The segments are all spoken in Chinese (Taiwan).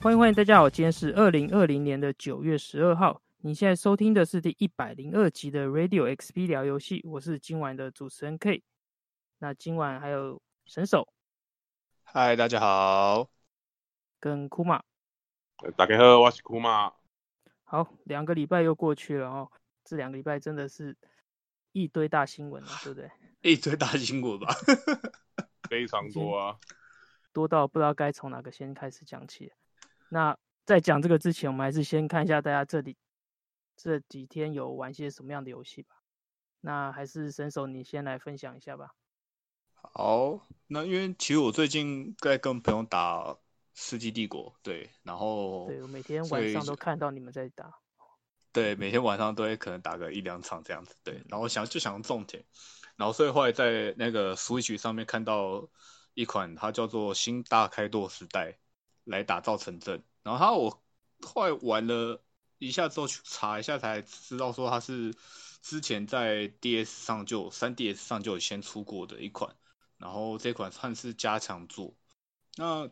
歡迎，歡迎大家好，今天是二零二零年的九月十二號。你現在收聽的是第一百零二集的 Radio XP 聊遊戲，我是今晚的主持人 K。那今晚還有神手，嗨，大家好，跟庫馬，大家好，我是庫馬。好，兩個禮拜又過去了哦，這兩個禮拜真的是一堆大新聞了，對不對？一堆大新聞吧， 非常多啊，嗯、多到不知道該從哪個先開始講起。那在講這個之前，我們還是先看一下大家這裡這幾天有玩些什麼樣的遊戲吧。那還是神手，你先來分享一下吧。好，那因為其實我最近在跟朋友打《世紀帝國》，對，然後對，我每天晚上都看到你們在打。對，每天晚上都會可能打個一兩場這樣子，對。然後想就想種田，然後所以後來在那個 Switch 上面看到一款，它叫做《新大開拓時代》。來打造城鎮，然後它我快玩了一下之後，去查一下才知道說，它是之前在 D S 上，就三 D S 上就有先出過的一款，然後這款算是加強作。那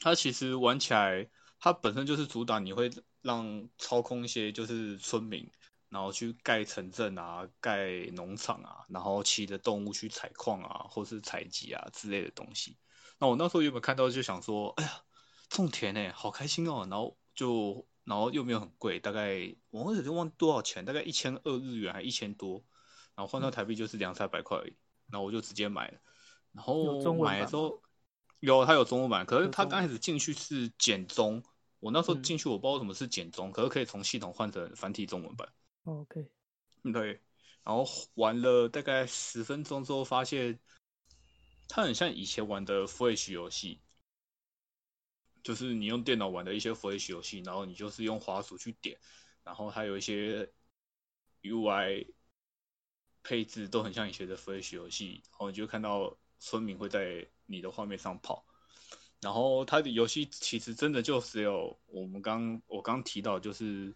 它其實玩起來，它本身就是主打你會讓操控一些就是村民，然後去蓋城鎮啊、蓋農場啊，然後騎着動物去採礦啊或是採集啊之類的東西。那我那時候有沒有看到就想說，哎呀。種田哎、欸，好開心哦、喔！然後就然後又沒有很貴，大概我好像就忘多少錢，大概一千二日元還一千多，然後換到台幣就是兩三百塊而已。然後我就直接買了。然後買的時候有它有,有中文版，可是它剛開始進去是簡中，我那時候進去我不知道什麼是簡中，嗯、可是可以從系統換成繁體中文版。Oh, OK，對，然後玩了大概十分鐘之後，發現它很像以前玩的 Flash 遊戲。就是你用電腦玩的一些 Flash 遊戲，然後你就是用滑鼠去點，然後它有一些 UI 配置都很像以前的 Flash 遊戲，然後你就看到村民會在你的畫面上跑，然後它的遊戲其實真的就只有我們剛我剛提到，就是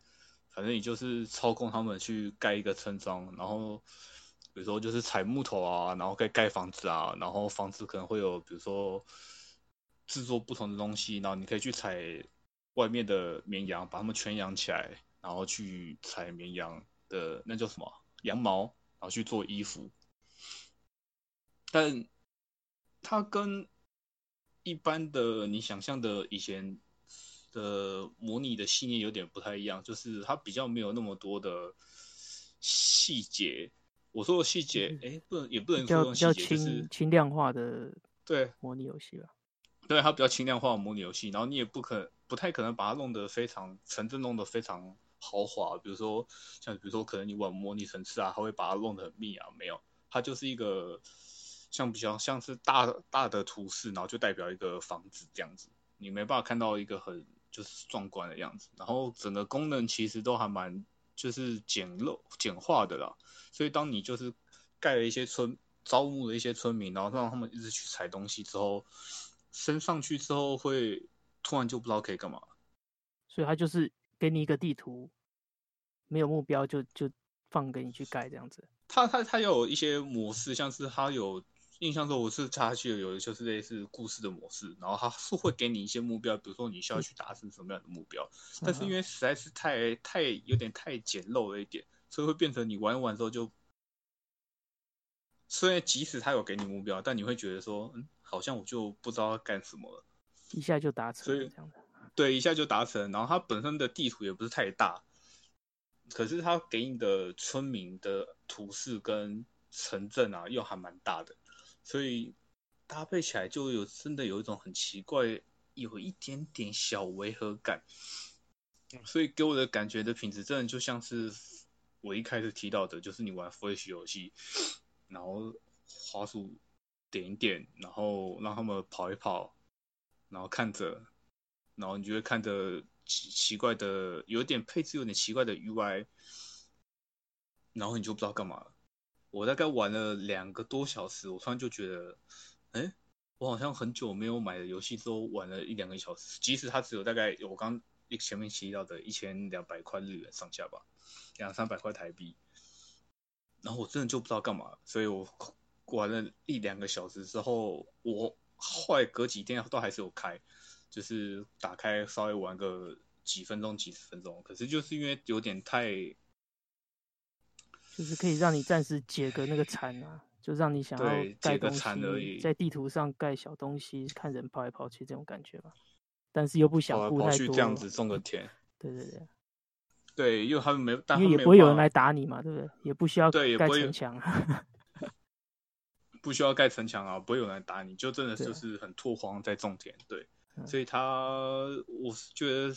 反正你就是操控他們去蓋一個村莊，然後比如說就是採木頭啊，然後蓋蓋房子啊，然後房子可能會有比如說。製作不同的東西，然後你可以去採外面的綿羊，把它們圈養起來，然後去採綿羊的，那叫什麼？羊毛，然後去做衣服。但它跟一般的你想象的以前的模擬的系列有點不太一樣，就是它比較沒有那麼多的細節。我說的細節，哎、嗯欸，不能也不能說叫比較輕輕、就是、量化的對模擬遊戲吧。對，它比較輕量化的模擬遊戲，然後你也不可不太可能把它弄得非常城鎮弄得非常豪華，比如說像比如說可能你玩模擬城市啊，它會把它弄得很密啊，沒有，它就是一個像比較像是大大的圖示，然後就代表一個房子這樣子，你沒辦法看到一個很就是壯觀的樣子，然後整個功能其實都還蠻就是簡陋簡化的啦，所以當你就是蓋了一些村招募了一些村民，然後讓他們一直去採東西之後。升上去之後，會突然就不知道可以幹嘛。所以，他就是給你一個地圖，沒有目標，就就放給你去蓋這樣子。他他他有一些模式，像是他有印象中我是插起去，有就是類似故事的模式，然後他是會給你一些目標，比如說你需要去達成什麼樣的目標。嗯。但是因為實在是太太有點太簡陋了一點，所以會變成你玩一玩之後就，雖然即使他有給你目標，但你會覺得說，嗯。好像我就不知道要幹什麼了，一下就達成，對，一下就達成。然後它本身的地圖也不是太大，可是它給你的村民的圖示跟城鎮啊又還蠻大的，所以搭配起來就有真的有一種很奇怪，有一點點小違和感。所以給我的感覺的品質，真的就像是我一開始提到的，就是你玩 Flash 遊戲，然後滑鼠。點一點，然後讓他們跑一跑，然後看着，然後你就會看着奇奇怪的，有一點配置有點奇怪的 UI，然後你就不知道幹嘛了。我大概玩了兩個多小時，我突然就覺得，哎，我好像很久沒有買的遊戲都玩了一兩個小時，即使它只有大概我剛前面提到的一千兩百塊日元上下吧，兩三百塊台幣，然後我真的就不知道幹嘛，所以我玩了一兩個小時之後，我後來隔幾天都還是有開，就是打開稍微玩個幾分鐘、幾十分鐘。可是就是因為有點太，就是可以讓你暫時解個那個饞啊，就讓你想要解個饞而已，在地圖上蓋小東西，看人跑來跑去這種感覺吧。但是又不想跑跑去這樣子種個田、嗯，對對對，對，因為他們沒,他們沒有，因為也不會有人來打你嘛，對不對？也不需要對蓋城牆。 不需要蓋城牆啊，不會有人來打你，就真的就是很拓荒在種田。對啊、對，所以他我是覺得，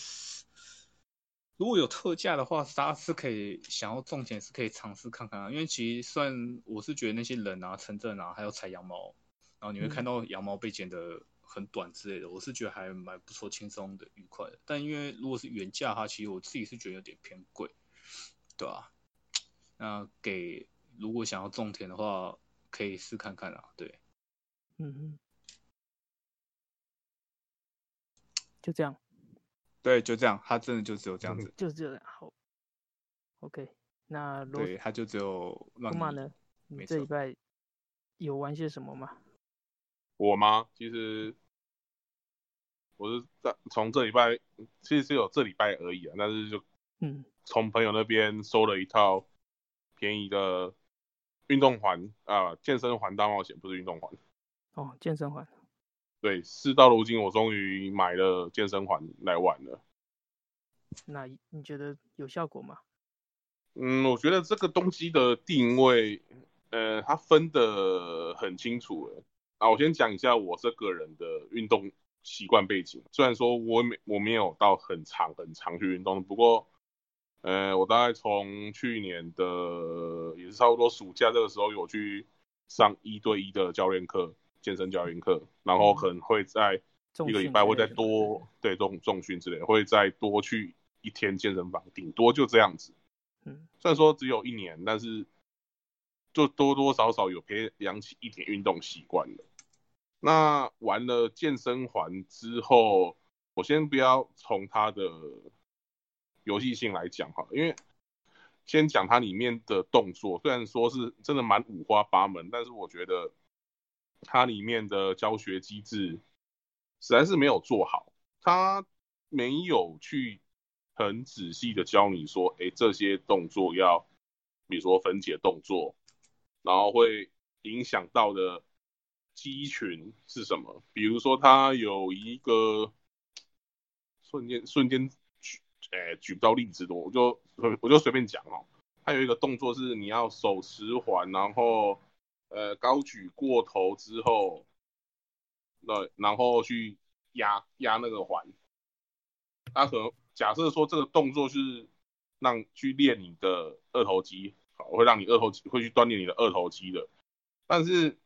如果有特價的話，大家是可以想要種田是可以嘗試看看啊。因為其實算我是覺得那些人啊、城鎮啊，還有採羊毛，然後你會看到羊毛被剪得很短之類的，嗯、我是覺得還蠻不錯、輕鬆的、愉快的。但因為如果是原價它，其實我自己是覺得有點偏貴，對啊。那給如果想要種田的話，可以試看看啊，對，嗯哼，就這樣，對，就這樣，他真的就只有這樣子，嗯、就只有這樣。好，OK，那如果他就只有。羅馬呢？你這禮拜有玩些什麼嗎？我嗎？其實我是從這禮拜，其實只有這禮拜而已啊，但是就嗯，從朋友那邊收了一套便宜的。運動環啊，健身環大冒險不是運動環。哦，健身環。對，事到如今，我終於買了健身環來玩了。那你覺得有效果嗎？嗯，我覺得這個東西的定位，呃，它分得很清楚。啊，我先講一下我這個人的運動習慣背景。雖然說我沒我沒有到很長很長去運動，不過。呃，我大概從去年的也是差不多暑假這個時候有去上一對一的教練課，健身教練課，然後可能會在一個禮拜會再多重訓，對，重重訓之類的，會再多去一天健身房，頂多就這樣子。嗯，雖然說只有一年，但是就多多少少有培養起一點運動習慣了。那玩了健身環之後，我先不要從他的。遊戲性來講哈，因為先講它裡面的動作，雖然說是真的蠻五花八門，但是我覺得它裡面的教學機制實在是沒有做好，它沒有去很仔細的教你說，誒，這些動作要，比如說分解動作，然後會影響到的肌群是什麼？比如說它有一個瞬間瞬間。哎，舉不到例子多，我就我就隨便講哦。他有一個動作是你要手持環，然後呃高舉過頭之後，那然後去壓壓那個環。他可能假設說，這個動作是讓去練你的二頭肌，好，我會讓你二頭肌會去鍛鍊你的二頭肌的。但是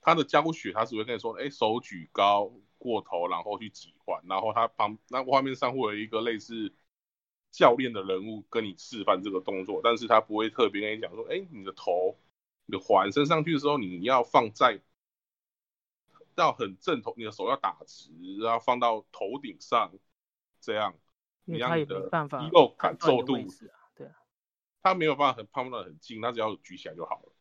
他的教學，他只會跟你說，哎，手舉高。過頭，然後去擠環，然後他旁那畫面上會有一個類似教練的人物跟你示範這個動作，但是他不會特別跟你講說，哎，你的頭，你的環伸上去的時候，你要放在，要很正頭，你的手要打直，然後放到頭頂上，這樣你讓你的肌肉感受度。對啊，他沒有辦法很趴摸很近，他只要舉起來就好了。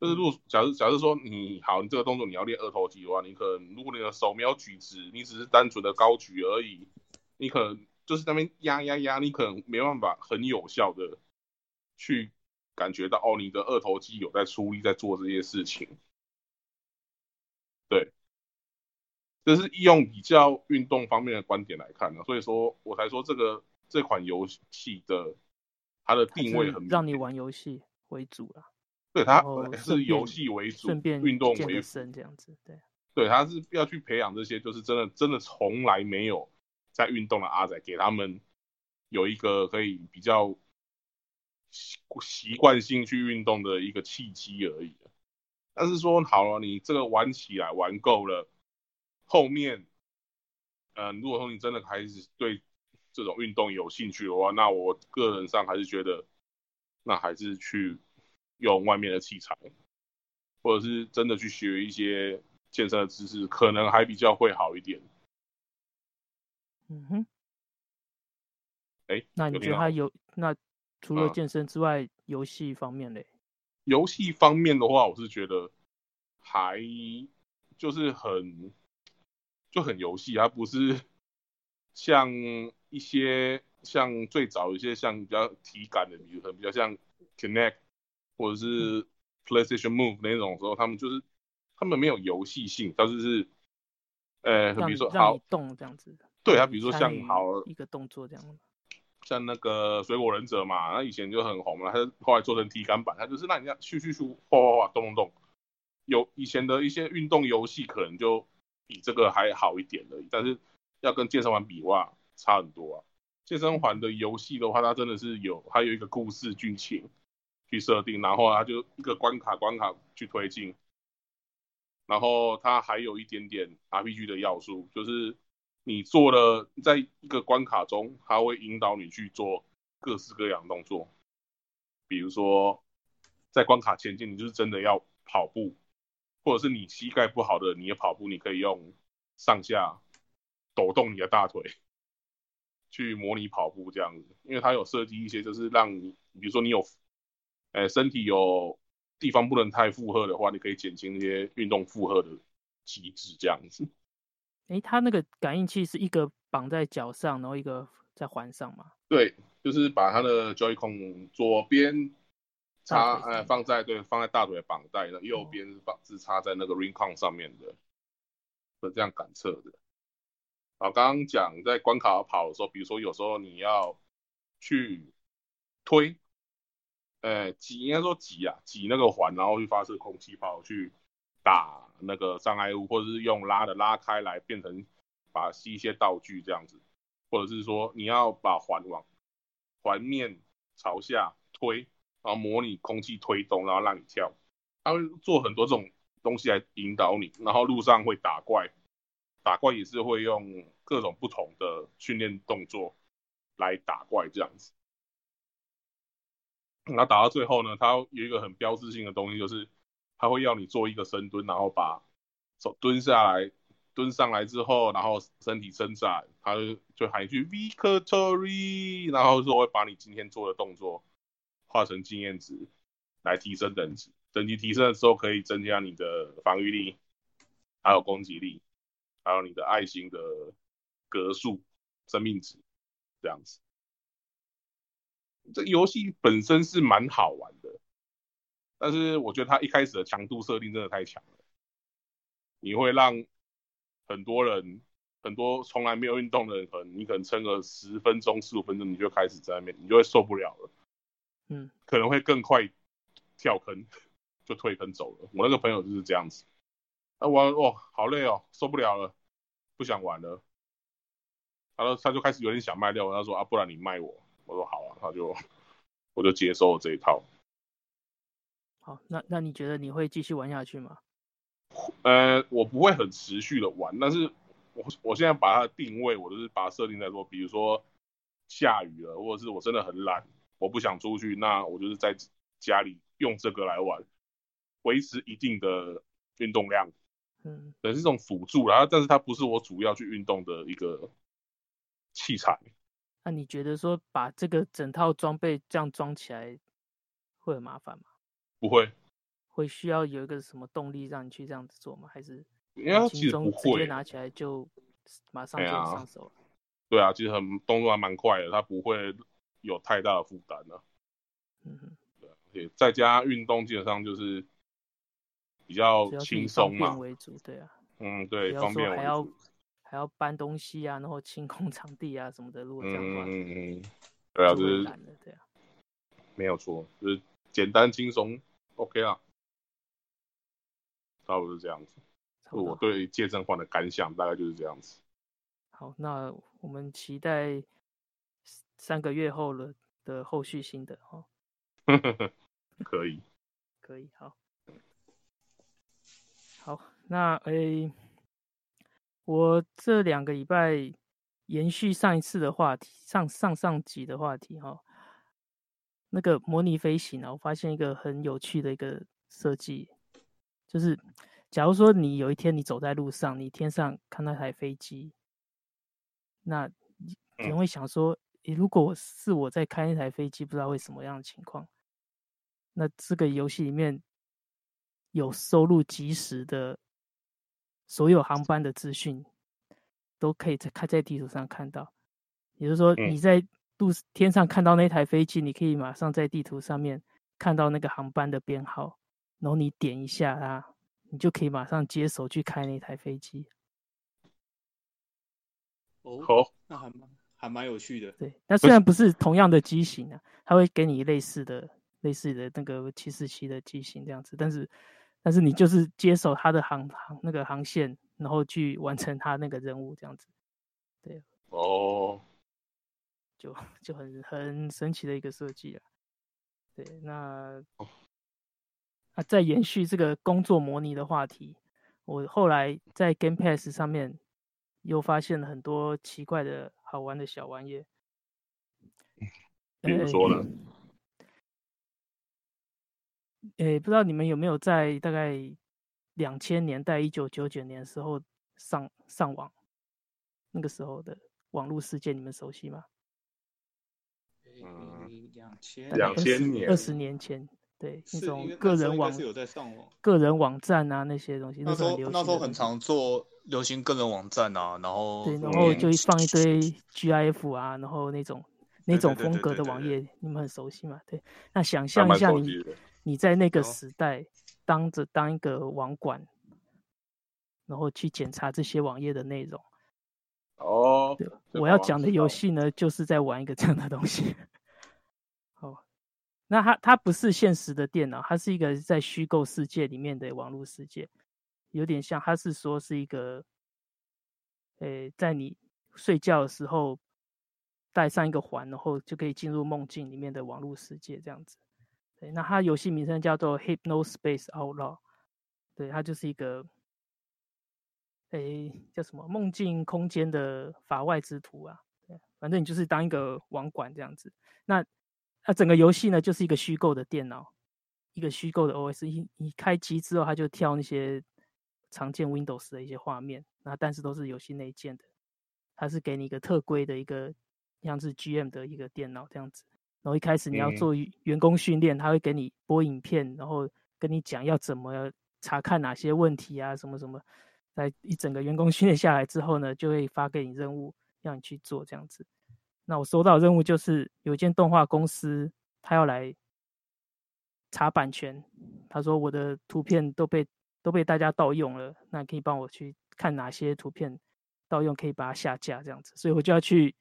就、嗯、是，如假假如說你，你好，你這個動作你要練二頭肌的話，你可能如果你的手沒有舉直，你只是單純的高舉而已，你可能就是在那邊壓壓壓，你可能沒辦法很有效的去感覺到哦，你的二頭肌有在出力在做這些事情。對，這是用比較運動方面的觀點來看的、啊，所以說我才說這個這款遊戲的它的定位很明顯。讓你玩遊戲為主了、啊。對，他是遊戲為主，哦、運動為輔，對，對，他是要去培養這些，就是真的真的從來沒有在運動的阿仔，給他們有一個可以比較習習慣性去運動的一個契機而已。但是說好了、啊，你這個玩起來玩夠了，後面，嗯、呃，如果說你真的開始對這種運動有興趣的話，那我個人上還是覺得，那還是去。用外面的器材，或者是真的去學一些健身的知識，可能還比較會好一點。嗯哼，哎、欸，那你覺得他有，那除了健身之外，啊、遊戲方面嘞？遊戲方面的話，我是覺得還就是很就很遊戲，它不是像一些像最早一些像比較體感的，比如很比較像 Kinect。或者是 PlayStation Move 那種的時候，嗯，他們就是他們沒有遊戲性，但是是，呃，比如說好動這樣子的，對他，啊，比如說像好一個動作這樣，像那個水果忍者嘛，那以前就很紅嘛，他就後來做成體感版，他就是讓人家這樣咻咻咻，嘩嘩嘩，動動動。有以前的一些運動遊戲，可能就比這個還好一點而已，但是要跟健身環比的話，差很多啊。健身環的遊戲的話，它真的是有，它有一個故事劇情。去設定，然後它就一個關卡關卡去推進，然後它還有一點點 RPG 的要素，就是你做了在一個關卡中，它會引導你去做各式各樣的動作，比如說在關卡前進，你就是真的要跑步，或者是你膝蓋不好的，你要跑步你可以用上下抖動你的大腿去模擬跑步這樣子，因為它有設計一些就是讓你，比如說你有。哎、欸，身體有地方不能太負荷的話，你可以減輕一些運動負荷的機制這樣子。哎、欸，它那個感應器是一個綁在腳上，然後一個在環上嘛？對，就是把它的 Joycon 左邊插、嗯、哎，放在對放在大腿綁帶，然後右邊放是、嗯、是插在那個 Ringcon 上面的，是這樣感測的。好，剛剛講在關卡跑的時候，比如說有時候你要去推。呃、欸，擠應該說擠啊，擠那個環，然後去發射空氣炮去打那個障礙物，或者是用拉的拉開來變成把吸一些道具這樣子，或者是說你要把環往環面朝下推，然後模擬空氣推動，然後讓你跳。他、啊、會做很多這種東西來引導你，然後路上會打怪，打怪也是會用各種不同的訓練動作來打怪這樣子。那打到最後呢，它有一個很標誌性的東西，就是它會要你做一個深蹲，然後把手蹲下來，蹲上來之後，然後身體伸展，它就，就喊一句 Victory，然後說會把你今天做的動作化成經驗值，來提升等級。等級提升的時候，可以增加你的防禦力，還有攻擊力，還有你的愛心的格數、生命值這樣子。這遊戲本身是蠻好玩的，但是我覺得它一開始的強度設定真的太強了，你會讓很多人很多從來沒有運動的人，可能你可能撐個十分鐘、十五分鐘，你就開始在那邊，你就會受不了了。嗯，可能會更快跳坑，就退坑走了。我那個朋友就是這樣子，啊，我哦，好累哦，受不了了，不想玩了。他他就開始有點想賣掉，他說啊，不然你賣我。我說好啊，他就我就接受了這一套。好，那那你覺得你會繼續玩下去嗎？呃，我不會很持續的玩，但是我我現在把它的定位，我就是把它設定在說，比如說下雨了，或者是我真的很懶，我不想出去，那我就是在家裡用這個來玩，維持一定的運動量。嗯，也是這種輔助，然後，但是它不是我主要去運動的一個器材。那、啊、你覺得說把這個整套裝備這樣裝起來，會很麻煩嗎？不會，會需要有一個什麼動力讓你去這樣子做嗎？還是因為其實不會，直接拿起來就馬上就能上手了。哎、對，啊對啊，其實很動作還蠻快的，它不會有太大的負擔呢、啊。嗯，對，而且在家運動基本上就是比較輕鬆嘛，主要為主對啊，嗯，對，還方便為主。還要搬東西啊，然後清空場地啊什麼的。如果這樣的話、嗯、啊，就是這樣嗯對啊，是沒有錯，就是簡單輕鬆，OK 啊，差不多是這樣子。差不多我對健身房的感想大概就是這樣子。好，那我們期待三個月後了的後續心得哈。哦、 可以，可以，好，好，那誒。欸我這兩個禮拜延續上一次的話題，上上上集的話題哈、哦，那個模擬飛行啊，我發現一個很有趣的一個設計，就是假如說你有一天你走在路上，你天上看那台飛機，那你會想說，如果是我在開一台飛機，不知道會什麼樣的情況。那這個遊戲裡面有收錄即時的所有航班的資訊，都可以在開在地圖上看到。也就是說，你在路天上看到那台飛機，你可以馬上在地圖上面看到那個航班的編號，然後你點一下它，你就可以馬上接手去開那台飛機。哦，好，那還蠻還蠻有趣的。對，那雖然不是同樣的機型啊，它會給你類似的類似的那個七四七的機型這樣子，但是。但是你就是接手他的航航那個航線，然後去完成他那個任務這樣子，對、啊。哦、oh.，就就很很神奇的一個設計了。對，那啊，在延續這個工作模擬的話題，我後來在 Game Pass 上面又發現了很多奇怪的好玩的小玩意兒，比如說呢？誒、欸，不知道你們有沒有在大概兩千年代，一九九九年時候上上網，那個時候的網絡世界，你們熟悉嗎？嗯，兩千兩千年二十年前，對，那種個人網,網個人網站啊那些東西，那時候那時候,那時候很常做流行個人網站啊，然後對，然後就放一堆 GIF 啊，然後那種、嗯、那種風格的網頁，你們很熟悉嗎？對，那想象一下你。你在那個時代，當着、oh. 當一個網管，然後去檢查這些網頁的內容。哦、oh.，對，我要講的遊戲呢，oh. 就是在玩一個這樣的東西。哦， 那它它不是現實的電腦，它是一個在虛構世界裡面的網絡世界，有點像，它是說是一個誒，在你睡覺的時候戴上一個環，然後就可以進入夢境裡面的網絡世界這樣子。對，那它遊戲名稱叫做 Hypnospace Outlaw，對，它就是一個，誒、欸，叫什麼夢境空間的法外之徒啊，對，反正你就是當一個網管這樣子。那它整個遊戲呢，就是一個虛構的電腦，一個虛構的 OS，一你，你開機之後，它就跳那些常見 Windows 的一些畫面，那但是都是遊戲內建的，它是給你一個特規的一個，像是 GM 的一個電腦這樣子。然後一開始你要做員工訓練。欸，他會給你播影片，然後跟你講要怎麼要查看哪些問題啊，什麼什麼。在一整個員工訓練下來之後呢，就會發給你任務，讓你去做這樣子。那我收到的任務就是有一間動畫公司，他要來查版權，他說我的圖片都被都被大家盜用了，那你可以幫我去看哪些圖片盜用，可以把它下架這樣子。所以我就要去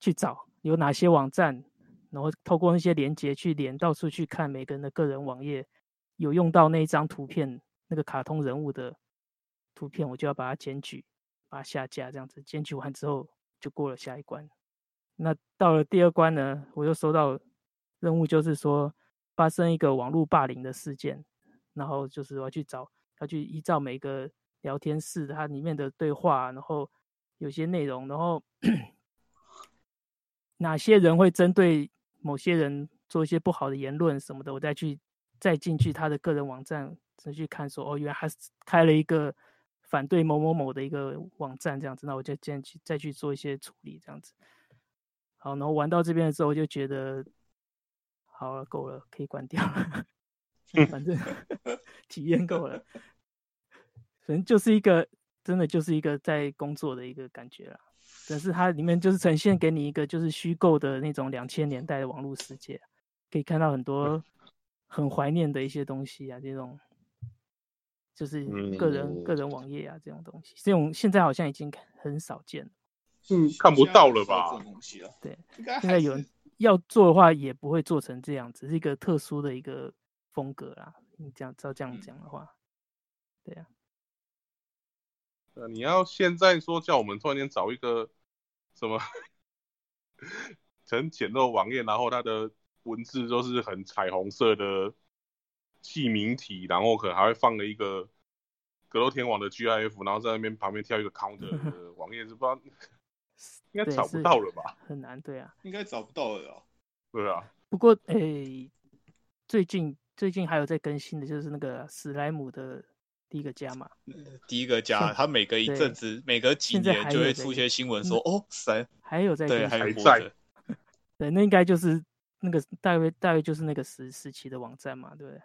去找有哪些網站。然後透過那些連接去連，到處去看每個人的個人網頁，有用到那一張圖片，那個卡通人物的圖片，我就要把它檢舉，把它下架。這樣子檢舉完之後，就過了下一關。那到了第二關呢，我又收到任務，就是說，發生一個網絡霸凌的事件，然後就是我要去找，要去依照每個聊天室它裡面的對話，然後有些內容，然後 哪些人會針對。某些人做一些不好的言論什麼的，我再去再進去他的個人網站，再去看說哦，原來他開了一個反對某某某的一個網站這樣子，那我就進去再去做一些處理這樣子。好，然後玩到這邊的時候，我就覺得好了，夠了，可以關掉了。 反正 體驗夠了，反正就是一個真的就是一個在工作的一個感覺了。只是它裡面就是呈現給你一個就是虛構的那種兩千年代的網絡世界、啊，可以看到很多很懷念的一些東西啊，這種就是個人、嗯、個人網頁啊這種東西，這種現在好像已經很少見了，嗯，看不到了吧？這種東西啊對，應該，現在有人要做的話也不會做成這樣子，只是一個特殊的一個風格啦。你這樣照這樣講的話，嗯、對呀、啊。啊、你要現在說叫我們突然間找一個什麼很簡陋網頁，然後它的文字都是很彩虹色的記名體，然後可能還會放了一個格洛天網的 GIF，然後在那邊旁邊跳一個 Counter 的網頁，嗯、呵呵是不吧應該找不到了吧？很難，對啊，應該找不到了，對啊。對啊不過，誒、欸，最近最近還有在更新的，就是那個史萊姆的。第一個加嘛，第一個加，它每隔一陣子，每隔幾年就會出一些新聞說哦，誰還有在、哦、還有在對，還在 對，那應該就是那個大約大約就是那個時時期的網站嘛，對不對？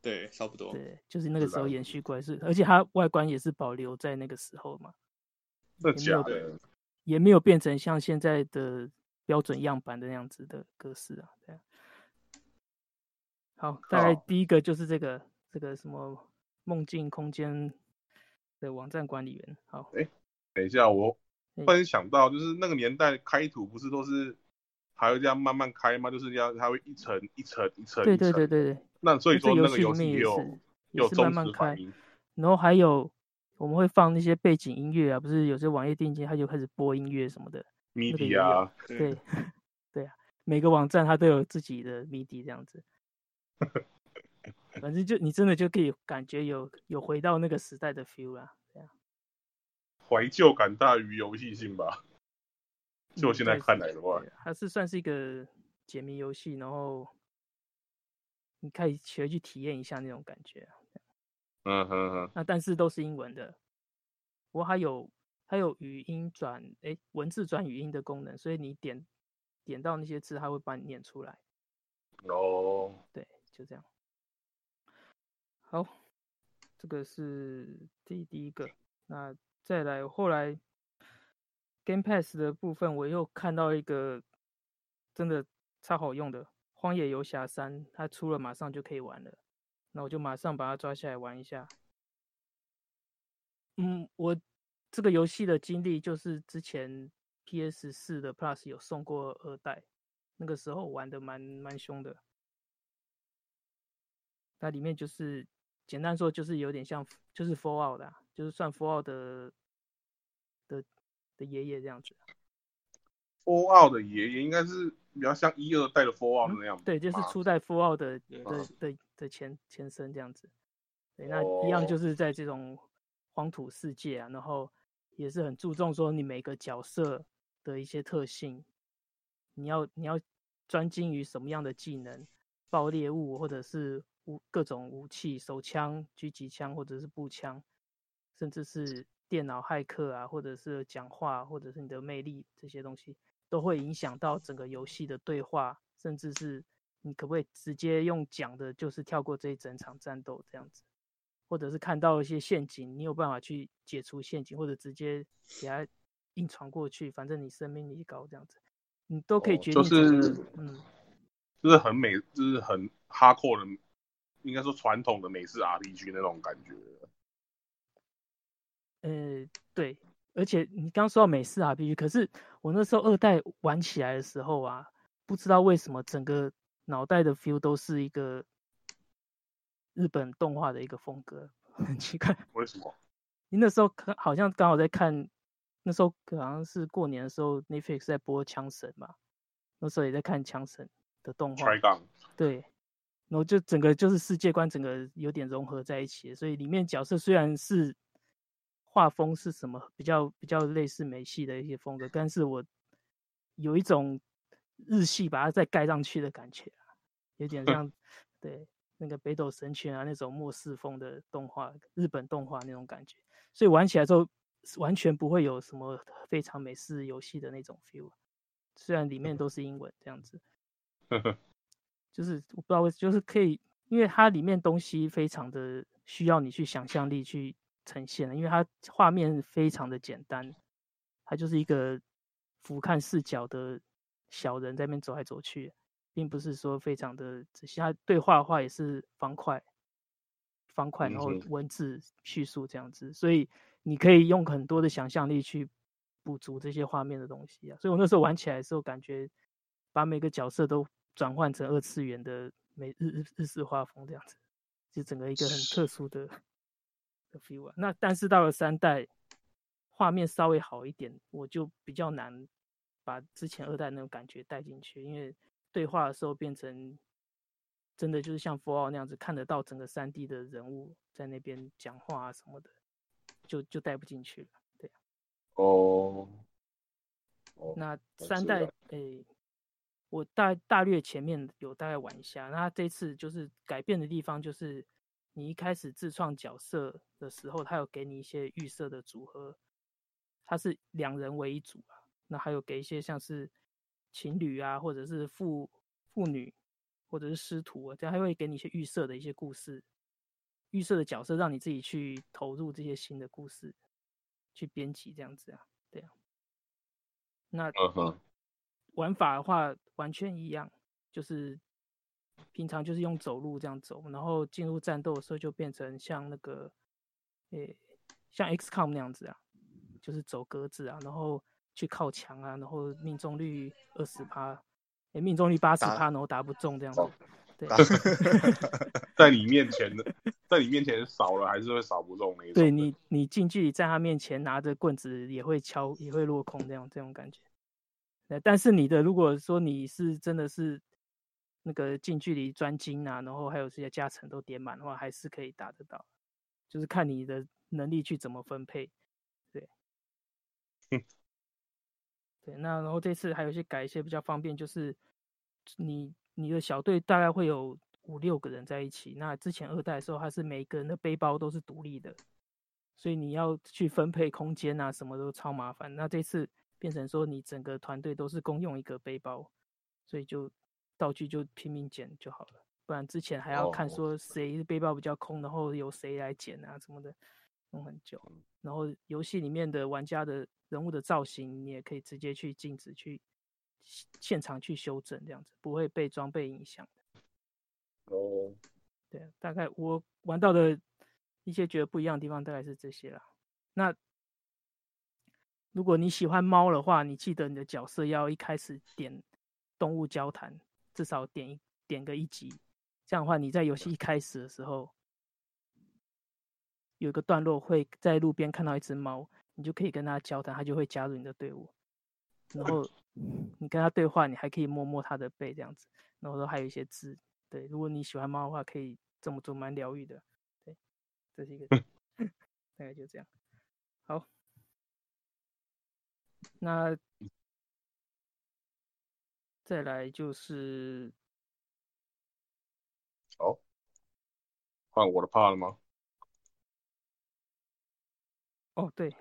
對，差不多。對，就是那個時候延續過來，是而且它外觀也是保留在那個時候嘛，這樣的也，也沒有變成像現在的標準樣板的那樣子的格式啊，好，大概第一個就是這個這個什麼。夢境空間的網站管理員，好。哎、欸，等一下，我突然想到、欸，就是那個年代開圖不是都是還要這樣慢慢開嗎？就是要它會一層一層一層對對對對對。那所以說那個遊戲有、就是、有慢慢開、開。然後還有我們會放那些背景音樂啊，不是有些網頁定金，它就開始播音樂什麼的，MIDI 啊、那個、啊，對對， 對啊，每個網站它都有自己的 MIDI，這樣子。 反正就你真的就可以感覺有有回到那個時代的 feel 啦啊，懷舊感大於遊戲性吧、嗯？就我現在看來的話，還是算是一個解謎遊戲，然後你可以學去體驗一下那種感覺。嗯哼哼。Uh-huh-huh. 那但是都是英文的，我還有還有語音轉哎文字轉語音的功能，所以你點點到那些字，它會把你念出來。哦、Oh，對，就這樣。好，oh，這個是第第一個。那再來，後來 Game Pass 的部分，我又看到一個真的超好用的《荒野遊俠三》，它出了馬上就可以玩了。那我就馬上把它抓下來玩一下。嗯，我這個遊戲的經歷就是之前 PS 四的 Plus 有送過二代，那個時候玩的蠻蠻兇的。那裡面就是。簡單說就是有點像，就是 Fallout 的，就是算 Fallout 的的的爺爺這樣子。Fallout 的爺爺應該是比較像一二代的 Fallout 那樣，嗯。對，就是初代 Fallout 的，嗯、的的、的前前身這樣子。對，那一樣就是在這種黃土世界啊，然後也是很注重說你每個角色的一些特性，你要你要專精於什麼樣的技能，爆裂物或者是。武，各種武器，手槍、狙擊槍或者是步槍，甚至是電腦駭客啊，或者是講話，或者是你的魅力，這些東西都會影響到整個遊戲的對話，甚至是你可不可以直接用講的，就是跳過這一整場戰鬥這樣子，或者是看到一些陷阱，你有辦法去解除陷阱，或者直接給它硬闖過去，反正你生命力也高這樣子，你都可以決定、哦，就是嗯，就是很美，就是很 hardcore 的。應該說傳統的美式 RPG 那種感覺。呃，對，而且你剛剛說到美式 RPG，可是我那時候二代玩起來的時候啊，不知道為什麼整個腦袋的 feel 都是一個日本動畫的一個風格，很奇怪。為什麼？ 你那時候好像剛好在看，那時候好像是過年的時候 Netflix 在播《槍神》嘛，那時候也在看《槍神》的動畫。Trigun. 對。然後就整個就是世界觀，整個有點融合在一起，所以裡面角色雖然是畫風是什麼比較比較類似美系的一些風格，但是我有一種日系把它再蓋上去的感覺啊，有點像對那個《北斗神拳》啊那種末世風的動畫，日本動畫那種感覺。所以玩起來之後完全不會有什麼非常美式遊戲的那種 feel，雖然裡面都是英文這樣子。 就是我不知道為什麼，就是可以，因為它裡面東西非常的需要你去想象力去呈現的，因為它畫面非常的簡單，它就是一個俯瞰視角的小人在那邊走來走去，並不是說非常的仔細。它對話的話也是方塊，方塊，然後文字敘述這樣子，所以你可以用很多的想象力去補足這些畫面的東西啊。所以我那時候玩起來的時候，感覺把每個角色都轉換成二次元的美日日日式畫風這樣子，就整個一個很特殊的、的 feel 啊。那但是到了三代，畫面稍微好一點，我就比較難把之前二代的那種感覺帶進去，因為對話的時候變成真的就是像 Fallout 那樣子，看得到整個三 D 的人物在那邊講話啊什麼的，就就帶不進去了。對、啊。哦、哦。那三代誒。我大大略前面有大概玩一下，那他這次就是改變的地方就是，你一開始自創角色的時候，它有給你一些預設的組合，它是兩人為一組啊，那還有給一些像是情侶啊，或者是父父女，或者是師徒啊，這樣他會給你一些預設的一些故事，預設的角色，讓你自己去投入這些新的故事，去編輯這樣子啊，對啊，那，Uh-huh. 玩法的話。完全一樣，就是平常就是用走路這樣走，然後進入戰鬥的時候就變成像那個，誒、欸，像 XCOM 那樣子啊，就是走格子啊，然後去靠牆啊，然後命中率二十趴，誒、欸，命中率八十趴，然後打不中這樣子。對， 在你面前的，在你面前掃了還是會掃不中你。對你，你近距離在他面前拿着棍子也會敲，也會落空，這樣這種感覺。但是你的如果說你是真的是那個近距離專精啊，然後還有這些加成都點滿的話，還是可以打得到，就是看你的能力去怎麼分配。對，嗯，對，那然後這次還有一些改一些比較方便，就是你你的小隊大概會有五六個人在一起，那之前二代的時候，它是每個人的背包都是獨立的，所以你要去分配空間啊，什麼都超麻煩。那這次。變成說你整個團隊都是共用一個背包，所以就道具就拼命撿就好了，不然之前還要看說誰背包比較空，然後由誰來撿啊什麼的，弄很久。然後遊戲裡面的玩家的人物的造型，你也可以直接去鏡子去現場去修正，這樣子不會被裝備影響的哦，oh. 對，大概我玩到的一些覺得不一樣的地方，大概是這些啦。那。如果你喜歡貓的話，你記得你的角色要一開始點動物交談，至少點一點個一級，這樣的話你在遊戲一開始的時候，有一個段落會在路邊看到一隻貓，你就可以跟它交談，它就會加入你的隊伍，然後你跟他對話，你還可以摸摸它的背這樣子。然後都還有一些字，對，如果你喜歡貓的話，可以這麼做，蠻療癒的。對，這是一個，嗯、 大概就這樣。好。那再來就是，哦，換我的 part 了嗎？哦，對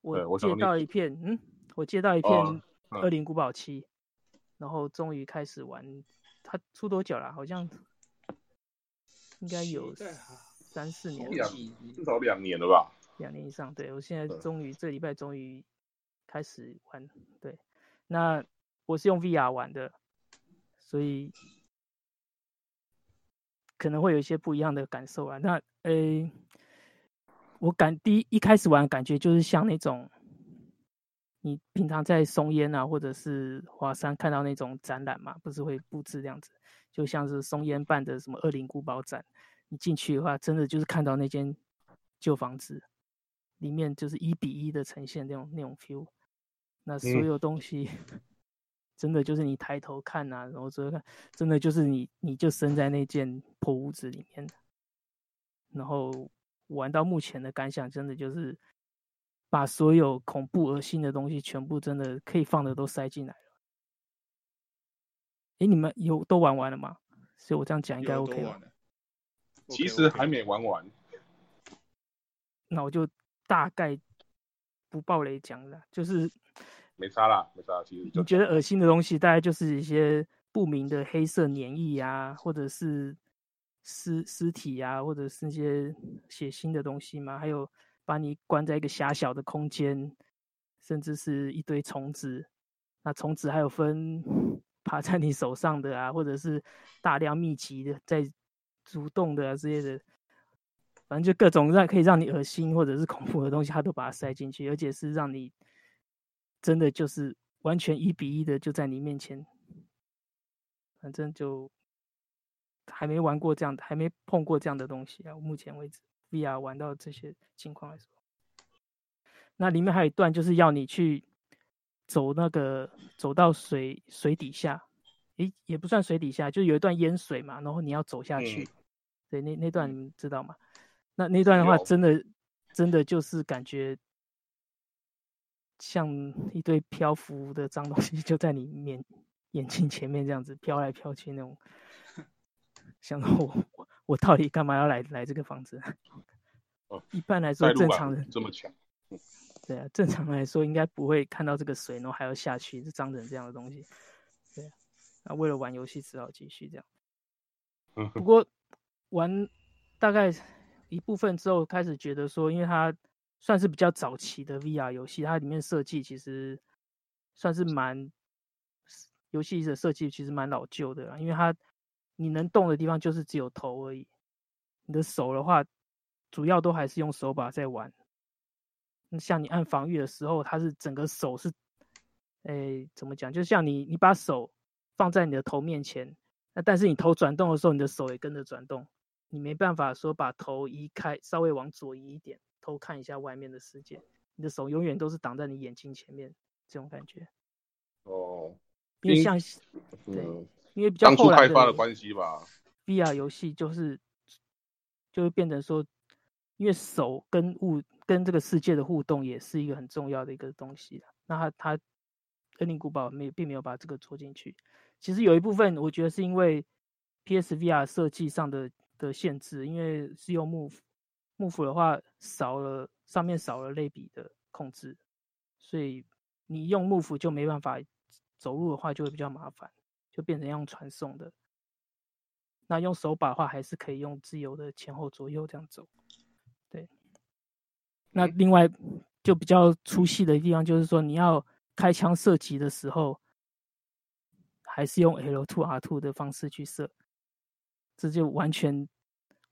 我，我借到一片，嗯，我借到一片《惡靈古堡七》哦，嗯，然後終於開始玩。它出多久了？好像應該有三四年，至少兩年了吧？兩年以上。對，我現在終於這禮拜終於。開始玩，對，那我是用 VR 玩的，所以可能會有一些不一樣的感受啊。那哎，我感第一一開始玩的感覺就是像那種你平常在松煙啊，或者是華山看到那種展覽嘛，不是會布置這樣子，就像是松煙辦的什麼惡靈古堡展，你進去的話，真的就是看到那間舊房子裡面就是一比一的呈現的那種那種 feel。那所有東西，嗯、 真的就是你抬頭看吶、啊，然後真的，真的就是你，你就生在那間破屋子裡面的。然後玩到目前的感想，真的就是把所有恐怖噁心的東西，全部真的可以放的都塞進來了。哎、欸，你們有都玩完了嗎？所以我這樣講應該 OK 了。其實還沒玩完。Okay, okay 那我就大概。不暴雷講了，就是沒殺啦，沒殺，其實你覺得噁心的東西，大概就是一些不明的黑色黏液啊，或者是屍屍體啊，或者是一些血腥的東西嘛，還有把你關在一個狹小的空間，甚至是一堆蟲子。那蟲子還有分爬在你手上的啊，或者是大量密集的在蠕動的啊之類的。反正就各種讓可以讓你噁心或者是恐怖的東西，他都把它塞進去，而且是讓你真的就是完全一比一的就在你面前。反正就還沒玩過這樣的，還沒碰過這樣的東西啊。目前為止，VR 玩到這些情況來說，那裡面還有一段就是要你去走那個走到水水底下，誒，也不算水底下，就是有一段淹水嘛，然後你要走下去。嗯、對，那那段你們知道嗎？那那段的話，真的，真的就是感覺像一堆漂浮的髒東西就在你面眼睛前面這樣子飄來飄去那種，想到我我到底幹嘛要來來這個房子？一般來說正常人，對啊，正常來說應該不會看到這個水，然後還要下去，是髒成這樣的東西，對啊，啊。為了玩遊戲只好繼續這樣，不過玩大概。一部分之後開始覺得說，因為它算是比較早期的 VR 遊戲，它裡面設計其實算是蠻遊戲的設計其實蠻老舊的啦。因為它你能動的地方就是只有頭而已，你的手的話主要都還是用手把在玩。那像你按防禦的時候，它是整個手是誒、欸、怎麼講？就像你你把手放在你的頭面前，那但是你頭轉動的時候，你的手也跟着轉動。你沒辦法說把頭移開，稍微往左移一點，偷看一下外面的世界。你的手永遠都是擋在你眼睛前面，這種感覺。哦，因為像、嗯、對，因為比較後來當初開發的關係吧。VR 遊戲就是就會變成說，因為手跟物跟這個世界的互動也是一個很重要的一個東西啦。那它它《惡靈古堡》沒並沒有把這個戳進去。其實有一部分我覺得是因為 PSVR 設計上的的限制，因為是用 Move，Move 的話少了上面，少了類比的控制，所以你用 Move 就沒辦法，走路的話就會比較麻煩，就變成用傳送的。那用手把的話還是可以用自由的前後左右這樣走。對。那另外就比較出戲的地方就是說你要開槍射擊的時候，還是用 L two R two 的方式去射。這就完全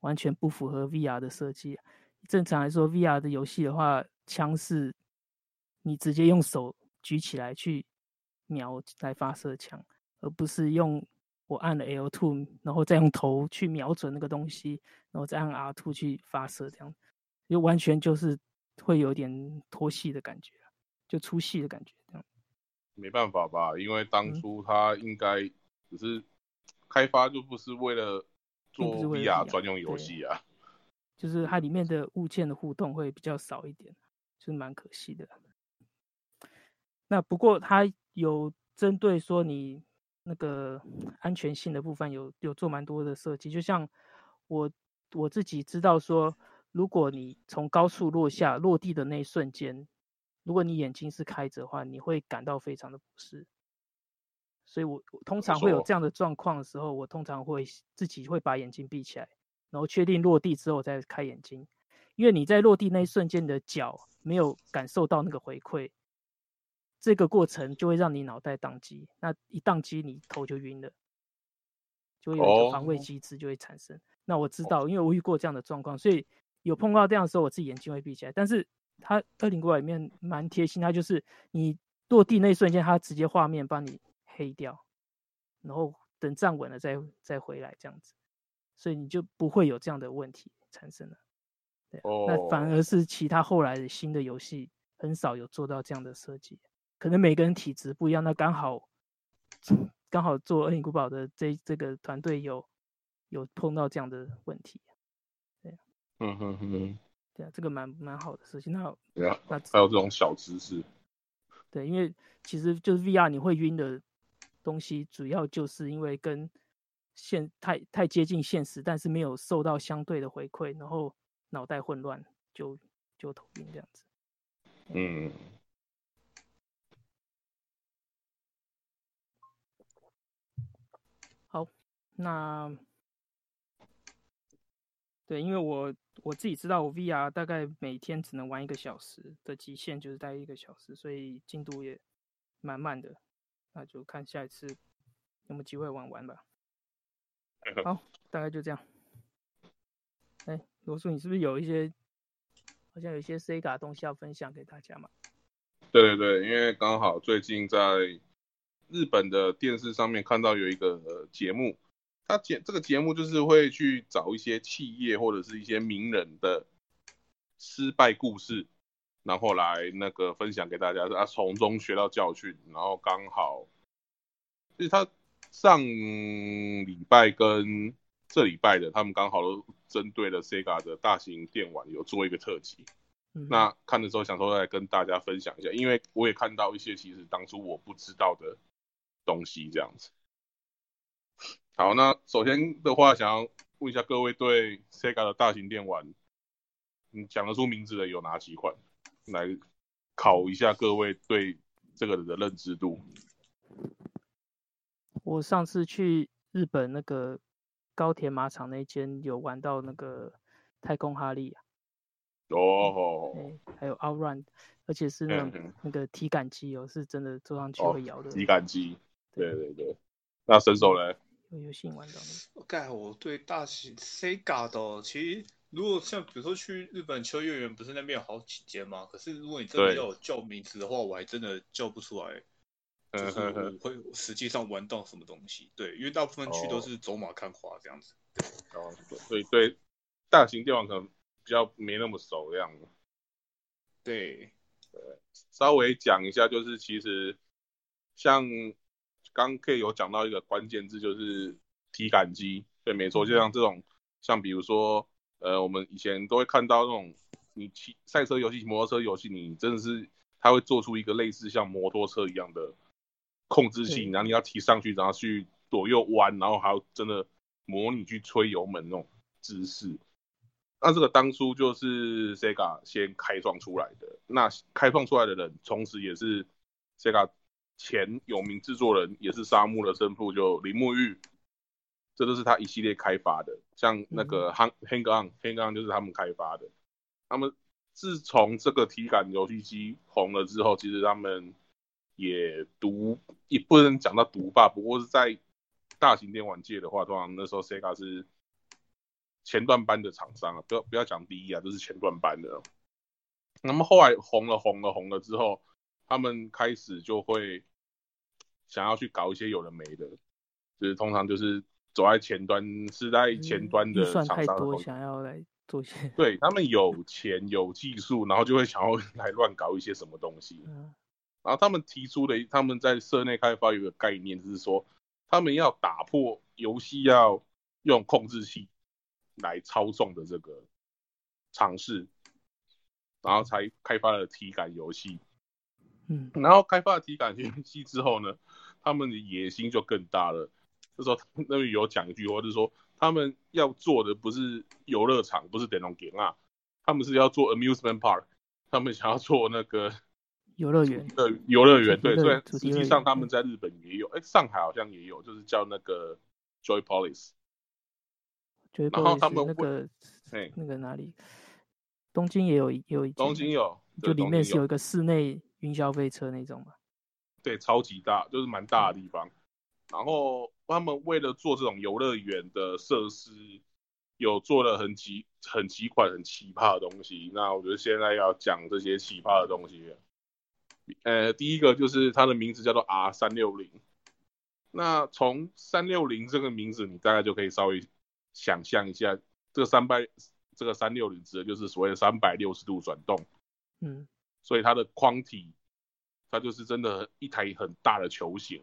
完全不符合 VR 的設計啊。正常來說，VR 的遊戲的話，槍是你直接用手舉起來去瞄來發射槍，而不是用我按了 L2，然後再用頭去瞄準那個東西，然後再按 R2 去發射，這樣就完全就是會有點脫戲的感覺啊，就出戲的感覺這樣。沒辦法吧，因為當初他應該只是開發就不是為了。並不是 VR 專用遊戲啊，BR，就是它裡面的物件的互動會比較少一點，就是蠻可惜的。那不過它有針對說你那個安全性的部分有有做蠻多的設計，就像我我自己知道說，如果你從高處落下落地的那一瞬間，如果你眼睛是開着的話，你會感到非常的不適。所以我，我通常會有這樣的狀況的時候，我通常會自己會把眼睛閉起來，然後確定落地之後再開眼睛。因為你在落地那一瞬間你的腳沒有感受到那個回饋，這個過程就會讓你腦袋宕機。那一宕機，你頭就暈了，就會有一個防衛機制就會產生。Oh. 那我知道，因為我遇過這樣的狀況，所以有碰到這樣的時候，我自己眼睛會閉起來。但是它二零國版裡面蠻貼心，它就是你落地那一瞬間，它直接畫面幫你，黑掉，然後等站穩了再再回來這樣子，所以你就不會有這樣的問題產生了。對、啊，oh. 那反而是其他後來的新的遊戲很少有做到這樣的設計。可能每個人體質不一樣，那剛好剛好做《惡靈古堡》的這這個團隊有有碰到這樣的問題。對、啊，嗯嗯嗯，對啊，這個蠻蠻好的事情。那對啊，那還有這種小知識。對，因為其實就是 VR 你會暈的。東西主要就是因為跟現太太接近現實，但是沒有受到相對的回饋，然後腦袋混亂，就就頭暈這樣子。嗯。好，那對，因為我我自己知道，我 VR 大概每天只能玩一個小時的極限，就是待一個小時，所以進度也蠻慢的。那就看下一次有沒有機會玩玩吧。 好，大概就這樣。哎，羅叔，你是不是有一些好像有一些 SEGA 東西要分享給大家嘛？對對對，因為剛好最近在日本的電視上面看到有一個、呃、節目，他節這個節目就是會去找一些企業或者是一些名人的失敗故事。然後來那個分享給大家啊，從中學到教訓。然後剛好，其實他上禮拜跟這禮拜的他們剛好都針對了 Sega 的大型電玩有做一個特輯。嗯。那看的時候想說來跟大家分享一下，因為我也看到一些其實當初我不知道的東西這樣子。好，那首先的話，想要問一下各位對 Sega 的大型電玩，你講得出名字的有哪幾款？來考一下各位對這個人的認知度。我上次去日本那個高田馬場那間有玩到那個太空哈利啊。哦、oh. 欸欸。還有 Outrun，而且是那種、yeah. 那個體感機，哦，是真的坐上去會搖的。體、oh, 感機。對，對對對。那伸手呢？有有新玩到。蓋、okay, 我對大型 Sega 的其實。如果像比如說去日本秋葉原，不是那邊有好幾間嗎？可是如果你真的要我叫名字的話，我還真的叫不出來。嗯，我會實際上玩到什麼東西， 對，因為大部分去都是走馬看花這樣子。哦、對，然後所以對，對,對大型電玩可能比較沒那麼熟，這樣對，對，稍微講一下，就是其實像剛可以有講到一個關鍵字，就是體感機。對，沒錯，就像這種，嗯、像比如說。呃，我們以前都會看到那種，你騎賽車遊戲、摩托車遊戲，你真的是他會做出一個類似像摩托車一樣的控制器，嗯，然後你要騎上去，然後去左右彎，然後還要真的模擬去催油門那種姿勢。那這個當初就是 Sega 先開創出來的，那開創出來的人，同時也是 Sega 前有名製作人，也是莎木的生父，就鈴木裕。這都是他一系列開發的，像那個 Hang-On、嗯、Hang-On 就是他們開發的。他們自從這個體感遊戲機紅了之後，其實他們也獨也不能講到獨霸，不過是在大型電玩界的話，通常那時候 Sega 是前段班的廠商，不要不要講第一啊，都、就是前段班的。那麼後來紅了紅了紅了之後，他們開始就會想要去搞一些有的沒的，就是通常就是。走在前端是在前端的廠商的、嗯，算太多，想要來做些。對，他們有錢有技術，然後就會想要來亂搞一些什麼東西。嗯、然後他們提出的，他們在社內開發有一個概念，就是說他們要打破遊戲要用控制器來操縱的這個嘗試，然後才開發了體感遊戲。嗯，然後開發了體感遊戲之後呢，他們的野心就更大了。就是說那邊有講一句，或就是說他們要做的不是遊樂場，不是 Disneyland，他們是要做 amusement park，他們想要做那個遊樂園。呃，遊樂園，對，雖然實際上他們在日本也有，哎、欸，上海好像也有，就是叫那個 Joypolis，然後他們那個嘿，那個哪裡？東京也有，也有一東京有，就裡面是有一個室內雲霄飛車那種嘛？對，超級大，就是蠻大的地方。嗯然後他們為了做這種遊樂園的設施，有做了很奇、很奇款、很奇葩的東西。那我覺得現在要講這些奇葩的東西，呃，第一個就是它的名字叫做 R 三六零。那從三六零這個名字，你大概就可以稍微想象一下，這個三百、這個三六零指的就是所謂的三百六十度轉動。嗯。所以它的框體，它就是真的，一台很大的球形。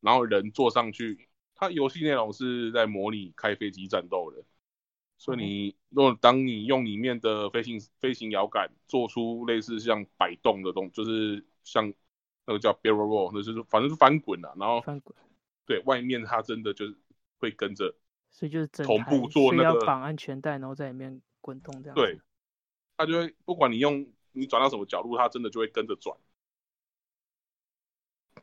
然後人坐上去，它遊戲內容是在模擬開飛機戰鬥的，所以你用、嗯、當你用裡面的飛行飛行搖桿做出類似像擺動的動，就是像那個叫 barrel roll，那就是反正是翻滾了、啊。然後翻滾，對，外面它真的就是會跟着，所以就是同步做那個，要綁安全帶，然後在裡面滾動這樣。對，它就會不管你用你轉到什麼角度，它真的就會跟着轉。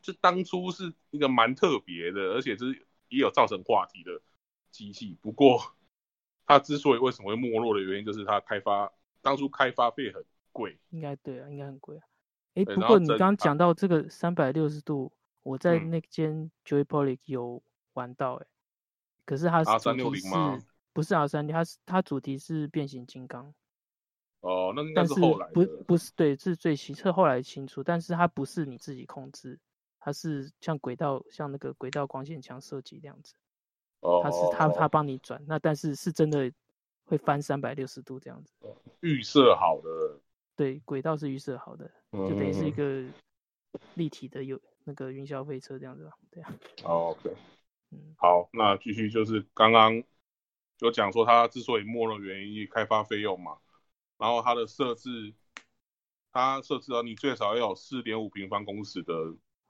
就當初是一個蠻特別的，而且是也有造成話題的機器。不過它之所以為什麼會沒落的原因，就是它開發，當初開發費很貴。應該對啊，應該很貴啊。哎、欸，不過你剛剛講到這個三百六十度，啊，我在那間 Joypolis 有玩到哎、欸嗯，可是它主題是 R360 嗎？不是 r 3，它是它主題是變形金剛。哦，那應該是後來是不不是對，是最新，是後來清楚，但是它不是你自己控制。它是像軌道，像那個軌道光線槍設計那樣子。哦、oh, oh, oh. 它是它它幫你轉那，但是是真的會翻三百六十度這樣子。哦。預設好的。對，軌道是預設好的，嗯、就等於是一個立體的有那個雲霄飛車這樣子吧，對啊。o、oh, okay. 嗯。好，那繼續就是剛剛就講說，它之所以沒落原因，開發費用嘛，然後它的設置，它設置了、啊、你最少要有四點五平方公尺的。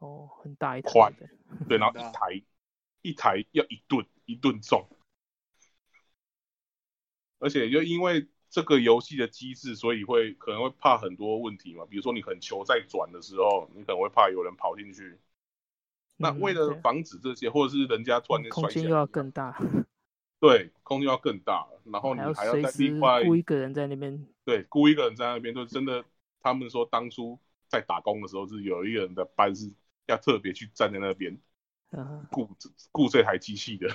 哦、oh,，很大一台的，對，然後一台 一台要一頓一頓重，而且就因為這個遊戲的機制，所以會可能會怕很多問題嘛，比如說你很球在轉的時候，你可能會怕有人跑進去、嗯。那為了防止這些，或者是人家突然間空間又要更大， 對，空間要更大，然後你還要在另外雇一個人在那邊，對，雇一個人在那邊，就真的他們說當初在打工的時候，是有一個人的班是。要特別去站在那邊，顧顧、uh-huh. 這台機器的，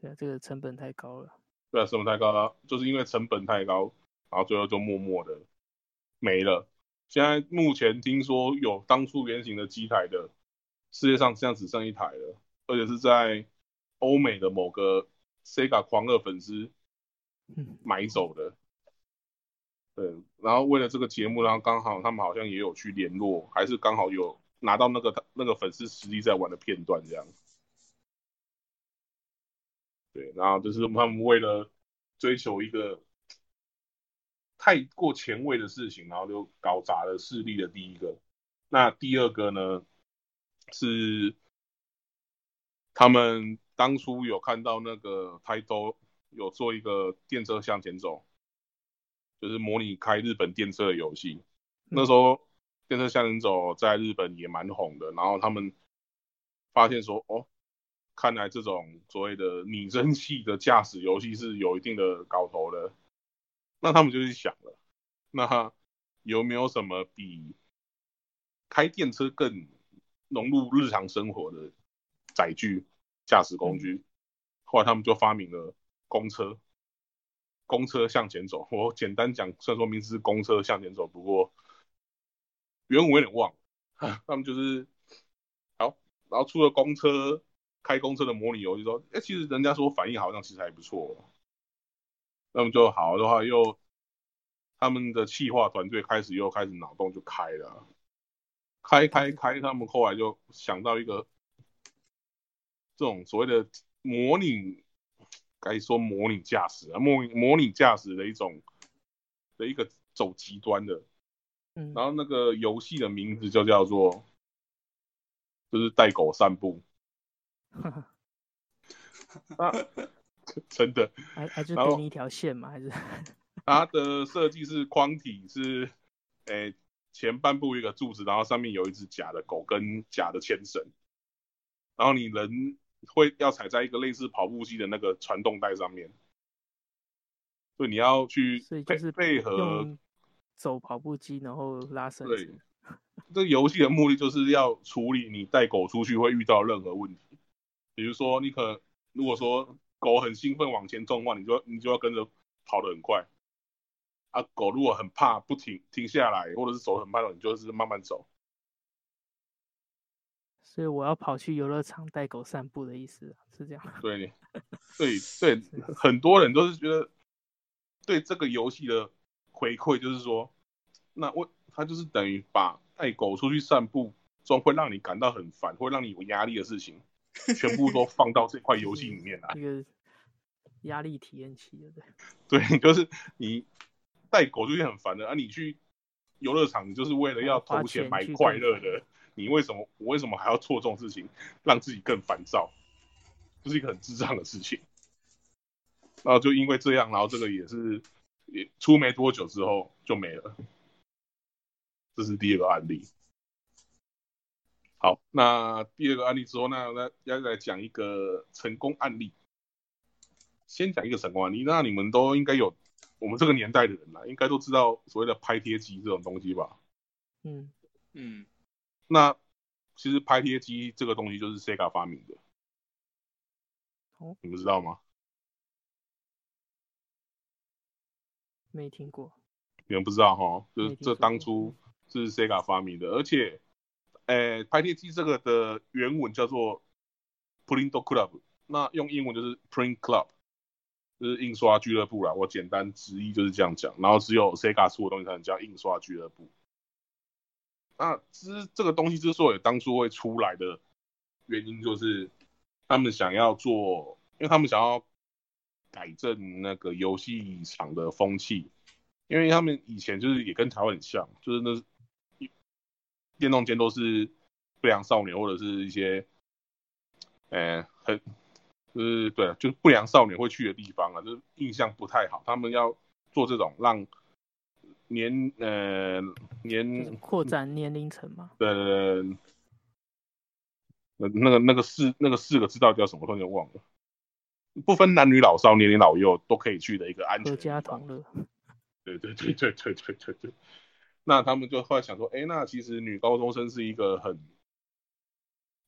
對啊，這個成本太高了。對啊，成本太高了，就是因為成本太高，然後最後就默默的沒了。現在目前聽說有當初原型的機台的，世界上現在只剩一台了，而且是在歐美的某個 Sega 狂熱粉絲買走的。嗯對，然後為了這個節目，然後剛好他們好像也有去聯絡，還是剛好有拿到那個他那個粉絲實際在玩的片段這樣。對，然後就是他們為了追求一個太過前衛的事情，然後就搞砸了事例，的第一個。那第二個呢，是他們當初有看到那個 Taito 有做一個電車向前走。就是模擬開日本電車的遊戲，嗯，那時候電車向前走在日本也蠻紅的。然後他們發現說，哦，看來這種所謂的擬真系的駕駛遊戲是有一定的搞頭的。那他們就去想了，那有沒有什麼比開電車更融入日常生活的載具駕駛工具，嗯？後來他們就發明了公車。公車向前走，我簡單講，雖然說名字是公車向前走，不過原文我有點忘。那麼就是好，然後出了公車，開公車的模擬遊戲就說，哎、欸，其實人家說反應好像其實還不錯。那麼就好的話又，又他們的企劃團隊開始又開始腦洞就開了，開開開，他們後來就想到一個這種所謂的模擬。該說模擬駕駛啊，模擬模擬駕駛的一種的一個走極端的、嗯，然後那個遊戲的名字就叫做，嗯、就是帶狗散步，哈哈，啊、 真的，還是給你一條線嗎？還是它的設計是框體是，誒、哎，前半部一個柱子，然後上面有一隻假的狗跟假的牽繩，然後你人。會要踩在一個類似跑步機的那個傳動帶上面，所以你要去，就是配合走跑步機，然後拉伸。對，這個遊戲的目的就是要處理你帶狗出去會遇到任何問題，比如說你可如果說狗很興奮往前衝的話，你就你就要跟着跑得很快。啊，狗如果很怕，不停停下來，或者是走得很慢的話，你就是慢慢走。所以我要跑去遊樂場帶狗散步的意思是這樣。對，對對， 很多人都是覺得對這個遊戲的回饋，就是說，那我他就是等於把帶狗出去散步中會讓你感到很煩，或讓你有壓力的事情， 全部都放到這塊遊戲裡面來。一個壓力體驗器，對，對就是你帶狗出去很煩的，而、啊、你去遊樂場就是為了要投錢買快樂的。你為什麼？我為什麼還要做這種事情，讓自己更煩躁？這是一個很智障的事情。然後就因為這樣，然後這個也是也出沒多久之後就沒了。這是第二個案例。好，那第二個案例之後，那那要再講一個成功案例。先講一個成功案例，那你們都應該有我們這個年代的人了，應該都知道所謂的拍貼機這種東西吧？嗯嗯。那其實拍貼機這個東西就是 Sega 發明的，哦，你們知道嗎？沒聽過。你們不知道哈，就是這當初是 Sega 發明的，而且，誒、欸，拍貼機這個的原文叫做 Print Club，那用英文就是 Print Club，就是印刷俱樂部啦。我簡單直譯就是這樣講，然後只有 Sega 出的東西才能叫印刷俱樂部。那之這個東西之所以當初會出來的原因，就是他們想要做，因為他們想要改正那個遊戲場的風氣，因為他們以前就是也跟台灣很像，就是那電動間都是不良少年或者是一些、呃，很就是對，就是不良少年會去的地方啊，就是印象不太好，他們要做這種讓。年呃年擴展年齡層嗎？對對對，那那個那個四那個四個知道叫什麼？突然忘了。不分男女老少，年齡老幼都可以去的一個安全。闔家同樂 對對對對對對對對。那他們就後來想說，哎、欸，那其實女高中生是一個很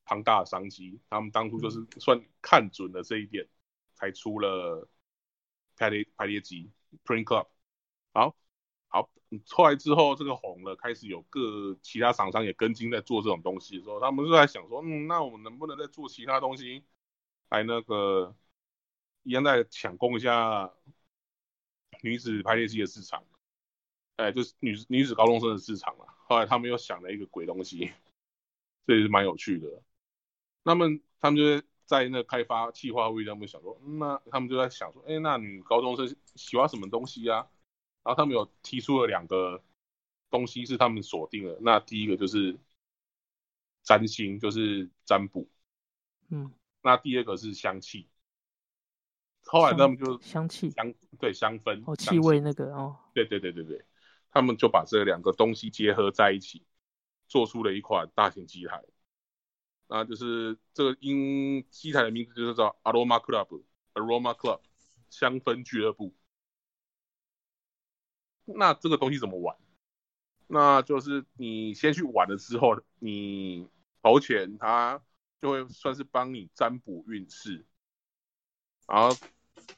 龐大的商機。他們當初就是算看準了這一點，才出了排列、嗯、排列級 Print Club。好。好，出來之後這個紅了，開始有各其他廠商，商也跟進在做這種東西的時候，他們就在想說，嗯，那我們能不能再做其他東西，來那個一樣在搶攻一下女子排列機的市場，哎，就是女女子高中生的市場了，啊。後來他們又想了一個鬼東西，這也是蠻有趣的。他們他們就在那開發、企劃會上，他們想說，那他們就在想說，哎、欸，那女高中生喜歡什麼東西呀，啊？然後他們有提出了兩個東西是他們鎖定的，那第一個就是占星，就是占卜，嗯，那第二個是香氣。後來他們就香，香氣香對香氛哦香氣，氣味那個哦，對對對對對，他們就把這兩個東西結合在一起，做出了一款大型機台，那就是這個因機台的名字就是叫 Aroma Club Aroma Club 香氛俱樂部。那這個東西怎麼玩？那就是你先去玩了之後，你投錢，它就會算是幫你占卜運勢。然後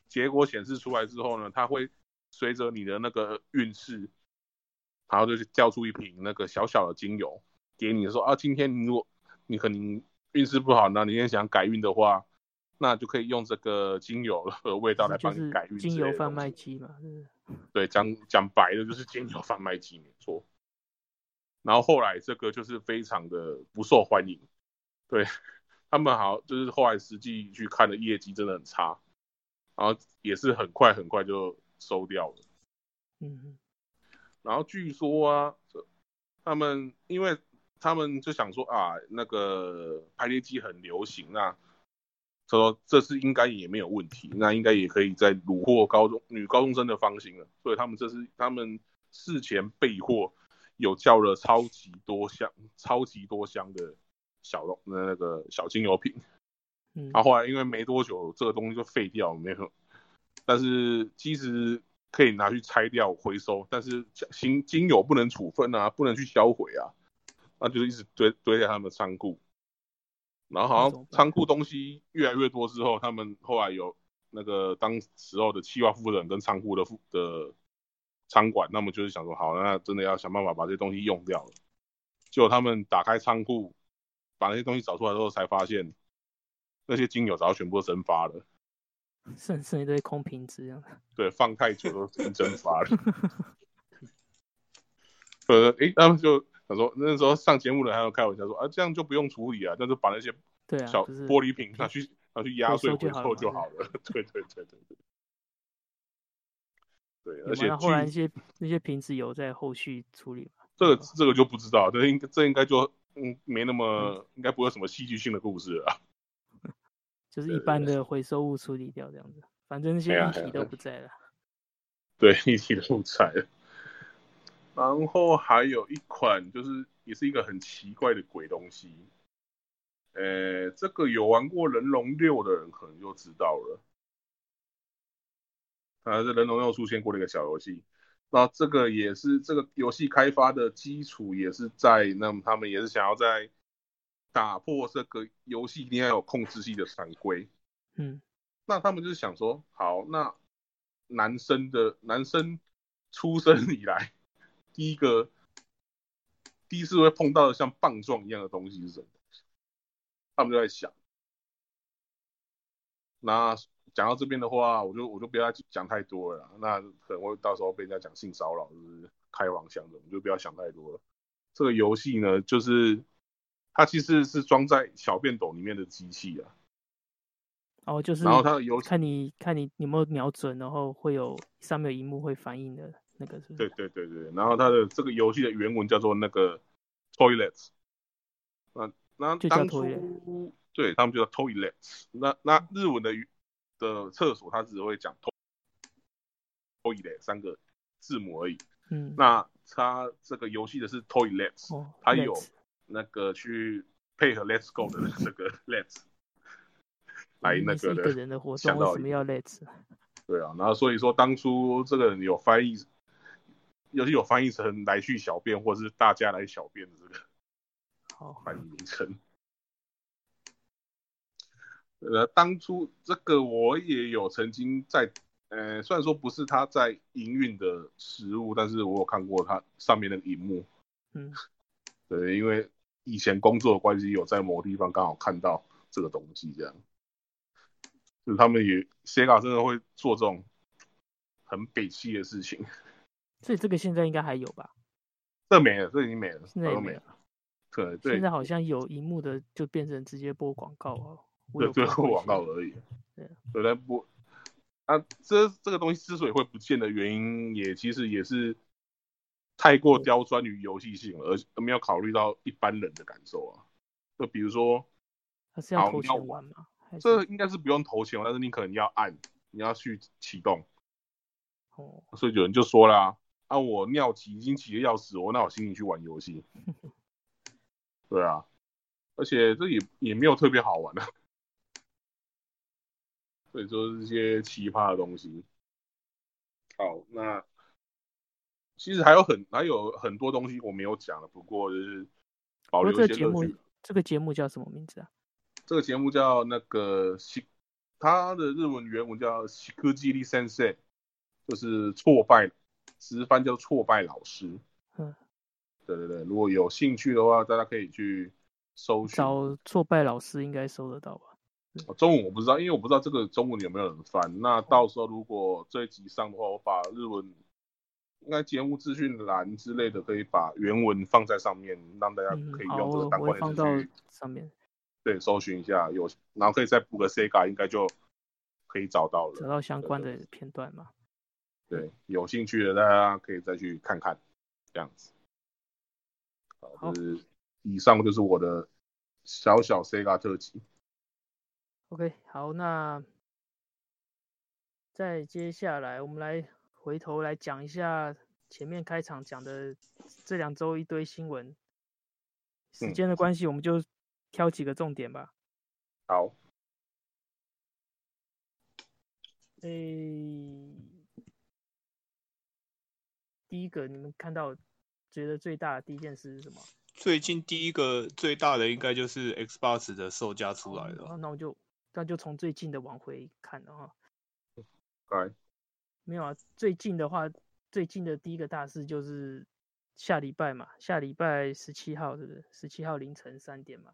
結果顯示出來之後呢，它會隨着你的那個運勢，然後就叫出一瓶那個小小的精油給你說，說啊，今天你如果你可能運勢不好，那你也想改運的話，那就可以用這個精油的味道來幫你改運。精油販賣機嘛，是不是？對，講講白的就是金魚販賣機，沒錯。然後後來這個就是非常的不受歡迎，對，他們好就是後來實際去看的業績真的很差，然後也是很快很快就收掉了。嗯哼，然後據說啊，他們因為他們就想說啊，那個拍貼機很流行啊。說這是應該也沒有問題，那應該也可以再虜獲高中女高中生的芳心了。所以他們這是他們事前備貨，有叫了超級多箱、超級多箱的小的那個小精油品。然、嗯、後、啊、後來因為沒多久這個東西就廢掉了沒有，但是其實可以拿去拆掉回收，但是精精油不能處分啊，不能去銷毀啊，那就是一直堆堆在他們倉庫。然後好像倉庫東西越來越多之後，他們後來有那個當時候的企劃負責人跟倉庫的的倉管，那麼就是想說，好，那真的要想辦法把這些東西用掉了。就他們打開倉庫，把那些東西找出來之後，才發現那些精油然後全部都蒸發了，剩剩一堆空瓶子。對，放太久都蒸發了。呃、 嗯，哎、欸，他們就。他說那時候上節目的人還有開玩笑說啊，這樣就不用處理啊，但是把那些小玻璃瓶拿去、啊就是、拿去壓碎回收就好了。好了 對,對,對對對對對，而且後來一些 那些瓶子有在後續處理嗎？這個這個就不知道，這應該這應該就嗯沒那麼、嗯，應該不會有什麼戲劇性的故事了、啊。就是一般的回收物處理掉這樣子，對對對對對反正那些液體都不在了。哎哎、對，液體都不在了。 然後還有一款，就是也是一個很奇怪的鬼東西，呃，這個有玩過人龍六的人可能就知道了，啊，這人龍又出現過那個小遊戲，那這個也是這個遊戲開發的基礎，也是在那麼他們也是想要在打破這個遊戲一定要有控制系的常規，嗯，那他們就是想說，好，那男生的男生出生以來。第一個第一次會碰到的像棒狀一樣的東西是什麼？他們就在想。那講到這邊的話，我就我就不要講太多了。那可能會到時候被人家講性騷擾，就是開黃腔的，我就不要想太多了。這個遊戲呢，就是它其實是裝在小便斗裡面的機器啊。哦，就是。然後它的遊戲，看你看你有沒有瞄準，然後會有上面有熒幕會反映的。那個是，是，對對對對，然後它的這個遊戲的原文叫做那個 toilets，那那當初對，他們就叫 toilets，那那日文的的廁所，他只會講 toilet 三個字母而已。嗯，那他這個遊戲的是 toilets，他、oh, 有那個去配合 let's go 的這個 let's 來那個的，個人的活動想到什麼要 let's，對啊，然後所以說當初這個人有翻譯。尤其有翻譯成“來去小便”或者是“大家來小便”的這個，好，還有名稱、嗯。呃，當初這個我也有曾經在，呃，雖然說不是他在營運的食物，但是我有看過他上面那個熒幕。嗯，對，因為以前工作的關係，有在某地方剛好看到這個東西，這樣。就他們也 l 稿，Sega 真的會做這種很北西的事情。所以這個現在應該還有吧？這沒了，這已經沒了，都沒，沒了。對對，現在好像有熒幕的就變成直接播廣告了，對，最後廣告而已。對，在對，來播。啊，這這個東西之所以會不見的原因也，也其實也是太過刁鑽於遊戲性了，而沒有考慮到一般人的感受啊。就比如說，還是要投錢玩嘛？這應該是不用投錢、哦，但是你可能要按，你要去啟動。哦，所以有人就說啦、啊。啊！我尿急，已經急的要死，我哪有心情去玩遊戲？對啊，而且這也也沒有特別好玩的，啊，所以說這一些奇葩的東西。好，那其實還有很還有很多東西我沒有講的，不過就是保留一些樂趣。這個節目，這個節目叫什麼名字啊？這個節目叫那個他的日文原文叫“しくじり先生”，就是挫敗。直翻叫挫敗老師，對對對，如果有興趣的話，大家可以去搜找挫敗老師應該搜得到吧？中文我不知道，因為我不知道這個中文有沒有人翻。那到時候如果這一集上的話，我把日文應該節目資訊欄之類的，可以把原文放在上面，讓大家可以用這個當關鍵詞、嗯、上面，對，搜尋一下有，然後可以再補個 SEGA，應該就可以找到了，找到相關的片段嘛？對，有興趣的大家可以再去看看，這樣子。好，就是好以上就是我的小小 SEGA 特輯。OK，好，那再接下來我們來回頭來講一下前面開場講的這兩週一堆新聞，時間的關係我們就挑幾個重點吧。好。誒、欸。第一個，你們看到覺得最大的第一件事是什麼？最近第一個最大的應該就是 X 八十的售價出來了。那我就那就從最近的往回看的哈。好，沒有啊，最近的話，最近的第一個大事就是下禮拜嘛，下禮拜十七號，是不是？十七號凌晨三點嘛。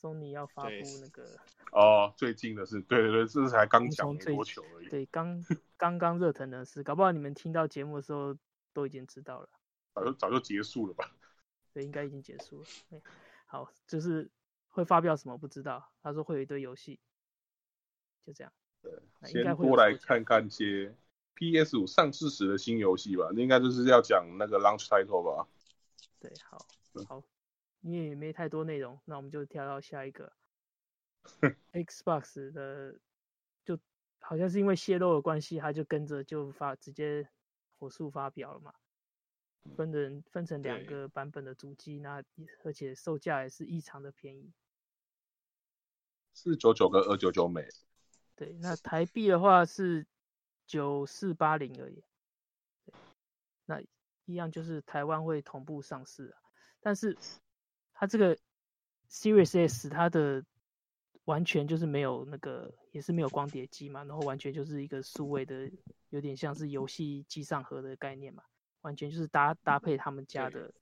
Sony 要發布那個哦，最近的是，對對對，這是才剛講沒多久而已。對，剛剛剛熱騰的是， 搞不好你們聽到節目的時候都已經知道了。早就早就結束了吧？對，應該已經結束了。好，就是會發表什麼不知道，他說會有一堆遊戲，就這樣。對，應該會先過來看看一些 PS 五上市時的新遊戲吧，應該就是要講那個 Launch Title 吧？對，好，好。嗯因為沒太多內容，那我們就跳到下一個。 Xbox 的就好像是因為洩露的關係，它就跟着就發直接火速發表了嘛，分人分成兩個版本的主機，那而且售價也是異常的便宜，四九九跟二九九美，對，那台幣的話是九四八零而已。對，那一樣就是台灣會同步上市啊，但是。它這個 Series S 它的完全就是沒有那個，也是沒有光碟機嘛，然後完全就是一個數位的，有點像是遊戲機上盒的概念嘛，完全就是搭搭配他們家的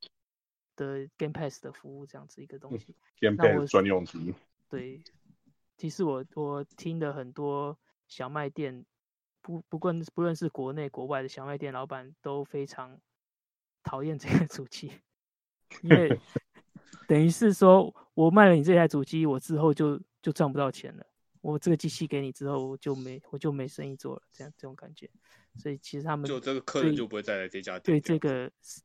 的 Game Pass 的服務這樣子一個東西。嗯、Game Pass 專用機。對，其實我我聽的很多小賣店，不不過不論是國內國外的小賣店老闆都非常討厭這個主機，因為。 等於是說，我賣了你這台主機，我之後就就賺不到錢了。我這個機器給你之後，我就沒我就沒生意做了。這樣這種感覺，所以其實他們就這個客人就不會再來這家店。對。這個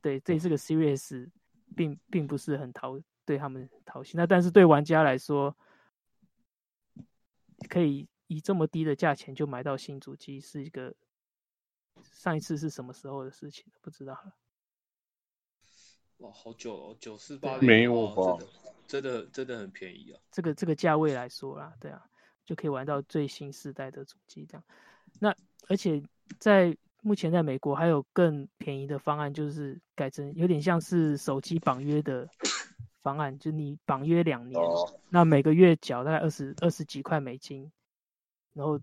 對，對，這個 series，并並不是很討對他們很討喜。那但是對玩家來說，可以以這麼低的價錢就買到新主機，是一個上一次是什麼時候的事情，不知道了。哇，好久哦，九四八零？沒有哦，真的真的，真的很便宜啊！這個這個價位來說啦，對啊，就可以玩到最新世代的主機。這樣，那而且在目前在美國還有更便宜的方案，就是改成有點像是手機綁約的方案，就是、你綁約兩年、哦，那每個月繳大概二十二十幾塊美金，然後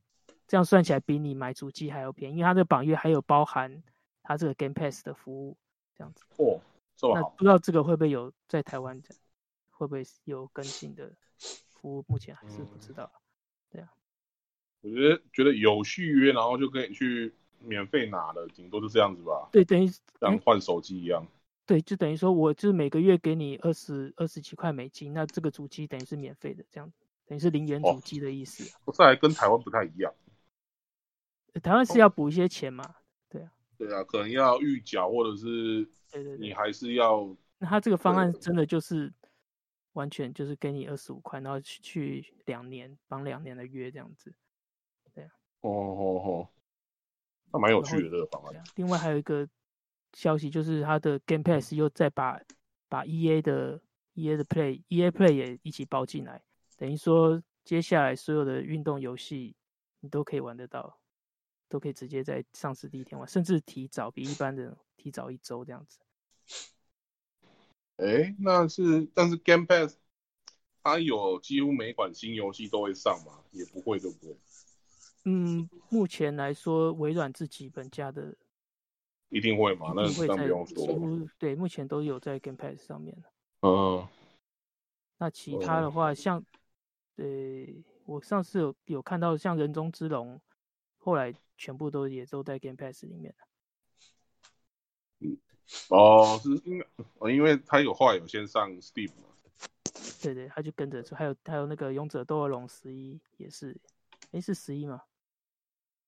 這樣算起來比你買主機還要便宜，因為它這個綁約還有包含它這個 Game Pass 的服務，這樣子。哦那不知道這個會不會有在台灣的，會不會有更新的服務？目前還是不知道。嗯、對啊，我覺得覺得有續約，然後就可以去免費拿了，頂多是這樣子吧。對，等於像換手機一樣、嗯。對，就等於說，我就是每個月給你二十二十幾塊美金，那這個主機等於是免費的，這樣等於是零元主機的意思、啊哦。這還跟台灣不太一樣，台灣是要補一些錢嘛？對啊，對啊，可能要預繳或者是。對對對，你還是要，那他這個方案真的就是完全就是給你二十五塊，然後去去兩年綁兩年的約這樣子，對，哦哦吼，那蠻有趣的這個方案、啊。另外還有一個消息就是，他的 Game Pass 又再把把 EA 的 EA 的 Play EA Play 也一起包進來，等於說接下來所有的運動遊戲你都可以玩得到，都可以直接在上市第一天玩，甚至提早比一般的提早一周這樣子。誒，那是，但是 Game Pass 它有幾乎每款新遊戲都會上嗎？也不會，對不對？嗯，目前來說，微軟自己本家的一定會嘛，那是會上比較多。對，目前都有在 Game Pass 上面。嗯，那其他的話，嗯、像對、呃、我上次有有看到像人中之龍，後來全部都也都在 Game Pass 裡面。嗯。哦，是因為，哦，因為他有後來有先上 Steam 對，對對，他就跟着，還有還有那個勇者鬥惡龍十一也是，哎、欸，是十一嗎？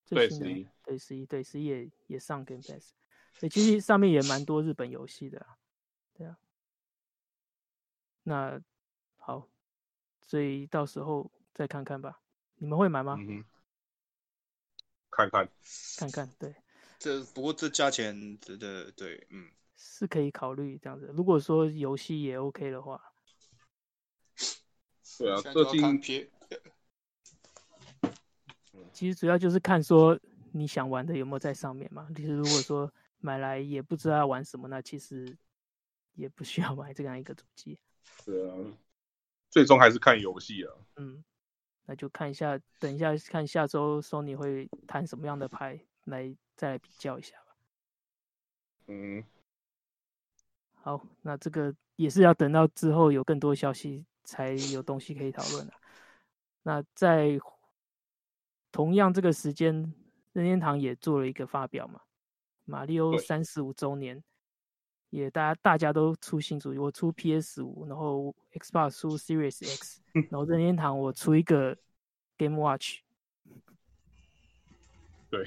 對十一，對十一，對十一也也上 Game Pass，其實上面也蠻多日本遊戲的，啊，對啊，那好，所以到時候再看看吧，你們會買嗎？嗯、看看，看看，對。這不過這價錢值得對，對，對，嗯，是可以考慮這樣子。如果說遊戲也 OK 的話，是啊，最近其實主要就是看說你想玩的有沒有在上面嘛。其、就是如果說買來也不知道要玩什麼， 那其實也不需要買這樣一個主機。對啊，最終還是看遊戲啊。嗯，那就看一下，等一下看下周 Sony 會攤什麼樣的牌來。再來比較一下吧。嗯，好，那這個也是要等到之後有更多消息才有東西可以討論了。那在同樣這個時間，任天堂也做了一個發表嘛，馬里奧三十五週年，也大家大家都出新主意，我出 PS5，然後 Xbox 出 Series X，然後任天堂我出一個 Game Watch。對，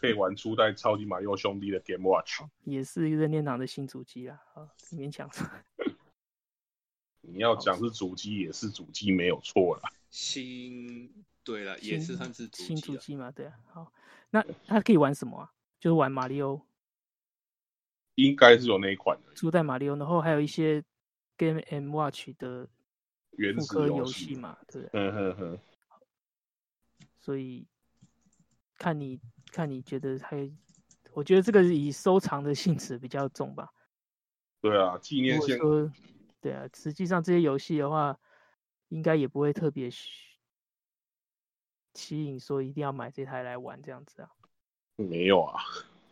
可以玩初代超級瑪利歐兄弟的 Game Watch，也是任天堂的新主機啊，啊，勉強。 你要講是主機，也是主機，沒有錯啦。新，對了，也是算是新主機嘛，對啊。好，那它可以玩什麼啊？就是玩瑪利歐，應該是有那一款。初代瑪利歐，然後還有一些 Game and Watch 的原遊戲嘛，對對、啊？嗯哼哼。 所以。看你，看你覺得還，我覺得這個是以收藏的性質比較重吧。對啊，紀念性。對啊，實際上這些遊戲的話，應該也不會特別吸引說一定要買這台來玩這樣子啊。沒有啊。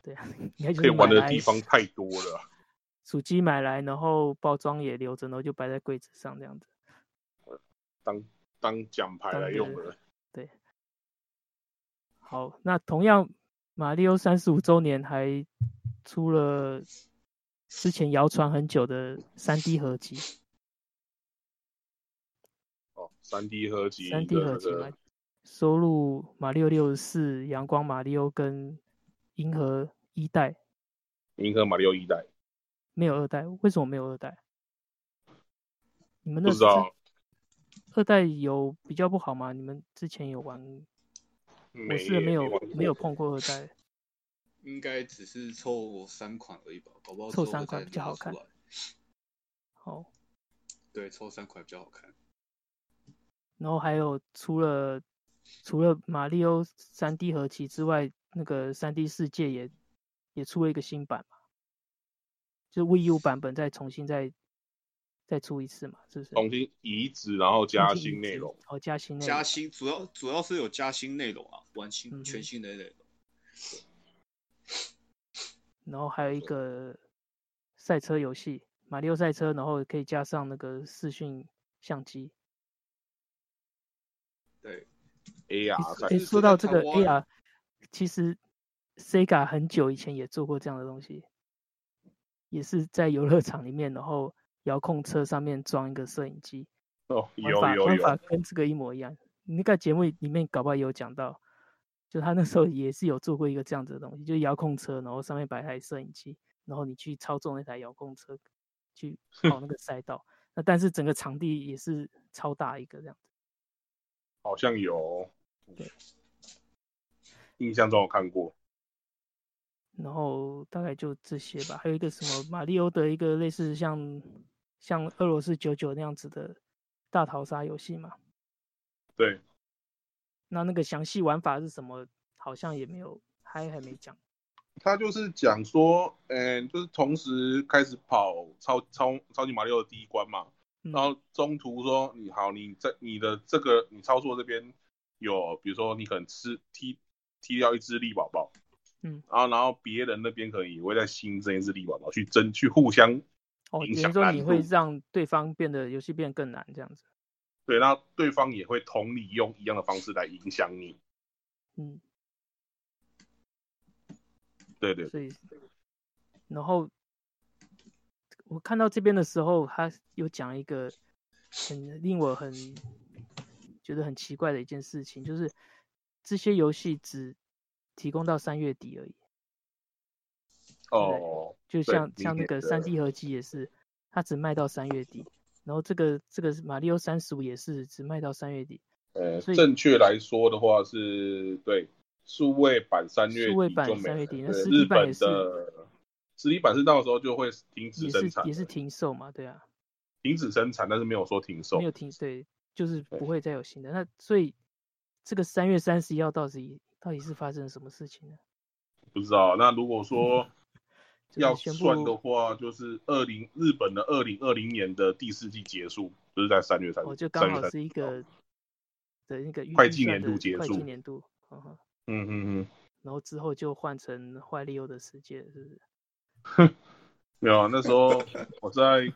對啊，應該就可以玩的地方太多了。主機買來，然後包裝也留着，然後就擺在櫃子上這樣子。當當獎牌來用了。好，那同樣，馬里奧三十五周年還出了之前謠傳很久的三 D 合集。哦，三 D 合集。三 D 合集嘛，收錄馬里奧六十四、陽光馬里奧跟銀河一代。銀河馬里奧一代。沒有二代，為什麼沒有二代？你們的不知道。二代有比較不好嗎？你們之前有玩？欸、我是沒有沒，沒有碰過二代，應該只是湊三款而已吧？搞不好湊三款比較好看。好，對，湊三款比較好看。然後還有除了除了瑪利歐三 D 合集之外，那個三 D 世界也也出了一個新版嘛？就是 Wii U 版本再重新再。再出一次嘛，是不是？重新移植，然後加新內容。哦，加新內容。加新主要主要是有加新內容啊，全新、嗯、全新的內容。然後還有一個賽車遊戲，馬里奧賽車，然後可以加上那個視訊相機。對，AR。哎，說到這個 AR，其實 Sega 很久以前也做過這樣的東西，也是在遊樂場裡面，然後。遙控車上面裝一個攝影機哦，有有有，方法跟這個一模一樣。那個節目裡面搞不好有講到，就他那時候也是有做過一個這樣子的東西，就是遙控車，然後上面擺一台攝影機，然後你去操縱那台遙控車去跑那個賽道。 那但是整個場地也是超大一個這樣子，好像有，對，印象中我看過。然後大概就這些吧，還有一個什麼瑪利歐的一個類似像。像俄羅斯九九那樣子的大逃殺遊戲嘛？對。那那個詳細玩法是什麼？好像也沒有，還還沒講。他就是講說，嗯、欸，就是同時開始跑超超超級馬里奧的第一關嘛，嗯。然後中途說，你好，你在你的這個你操作這邊有，比如說你可能吃踢踢掉一隻栗寶寶，嗯，然後然後別人那邊可能也會再新增一隻栗寶寶去爭去互相。比如、哦、比如說你會讓對方變得遊戲變更難，這樣子。對，那對方也會同你用一樣的方式來影響你。嗯，對對對。所以然後我看到這邊的時候，他有講一個很令我很覺得很奇怪的一件事情，就是這些遊戲只提供到三月底而已。哦，就像像那個三 D 合集也是，它只賣到三月底，然後這個這個馬里奧三十五也是只賣到三月底。呃，所以正確來說的話是，對，數位版三月底就沒了，數位版三月底，那實體版也是，日本的實體版是到時候就會停止生產，也是停售嘛，對啊，停止生產，但是沒有說停售，沒有停，對，就是不會再有新的。那所以這個三月三十一號到底到底是發生了什麼事情呢？不知道，那如果說。 要算的話，就是二零日本的二零二零年的第四季結束，就是在三月三，十、哦。我就剛好是一個的、哦、那個的會計年度結束，會計年度，哦哦、嗯嗯嗯，然後之後就換成《壞利奧的世界》，是不是？ 沒有，啊，那時候我在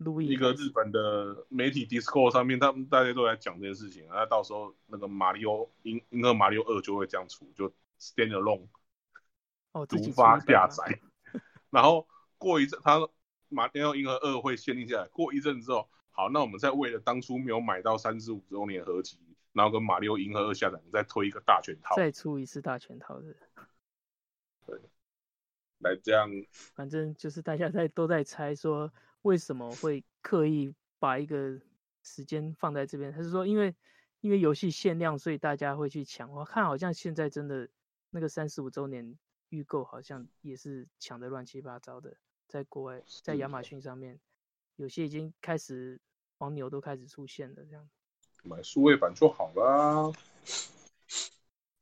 錄一個日本的媒體 Discord 上面，他們大家都在講這件事情，那、啊、到時候那個馬里奧《英銀河馬里奧二》就會這樣出，就 Standalone 哦，獨發下載。然後過一陣，他《馬里奧銀河二》會限定下來。過一陣之後，好，那我們再為了當初沒有買到三十五周年合集，然後跟《馬里奧銀河二》下載，我們再推一個大全套，再出一次大全套的。對，來這樣，反正就是大家在都在猜說為什麼會刻意把一個時間放在這邊。他是說，因為因為遊戲限量，所以大家會去搶。我看好像現在真的那個三十五周年。預購好像也是搶得亂七八糟的，在國外，在亞馬遜上面，有些已經開始黃牛都開始出現了這樣。買數位版就好啦，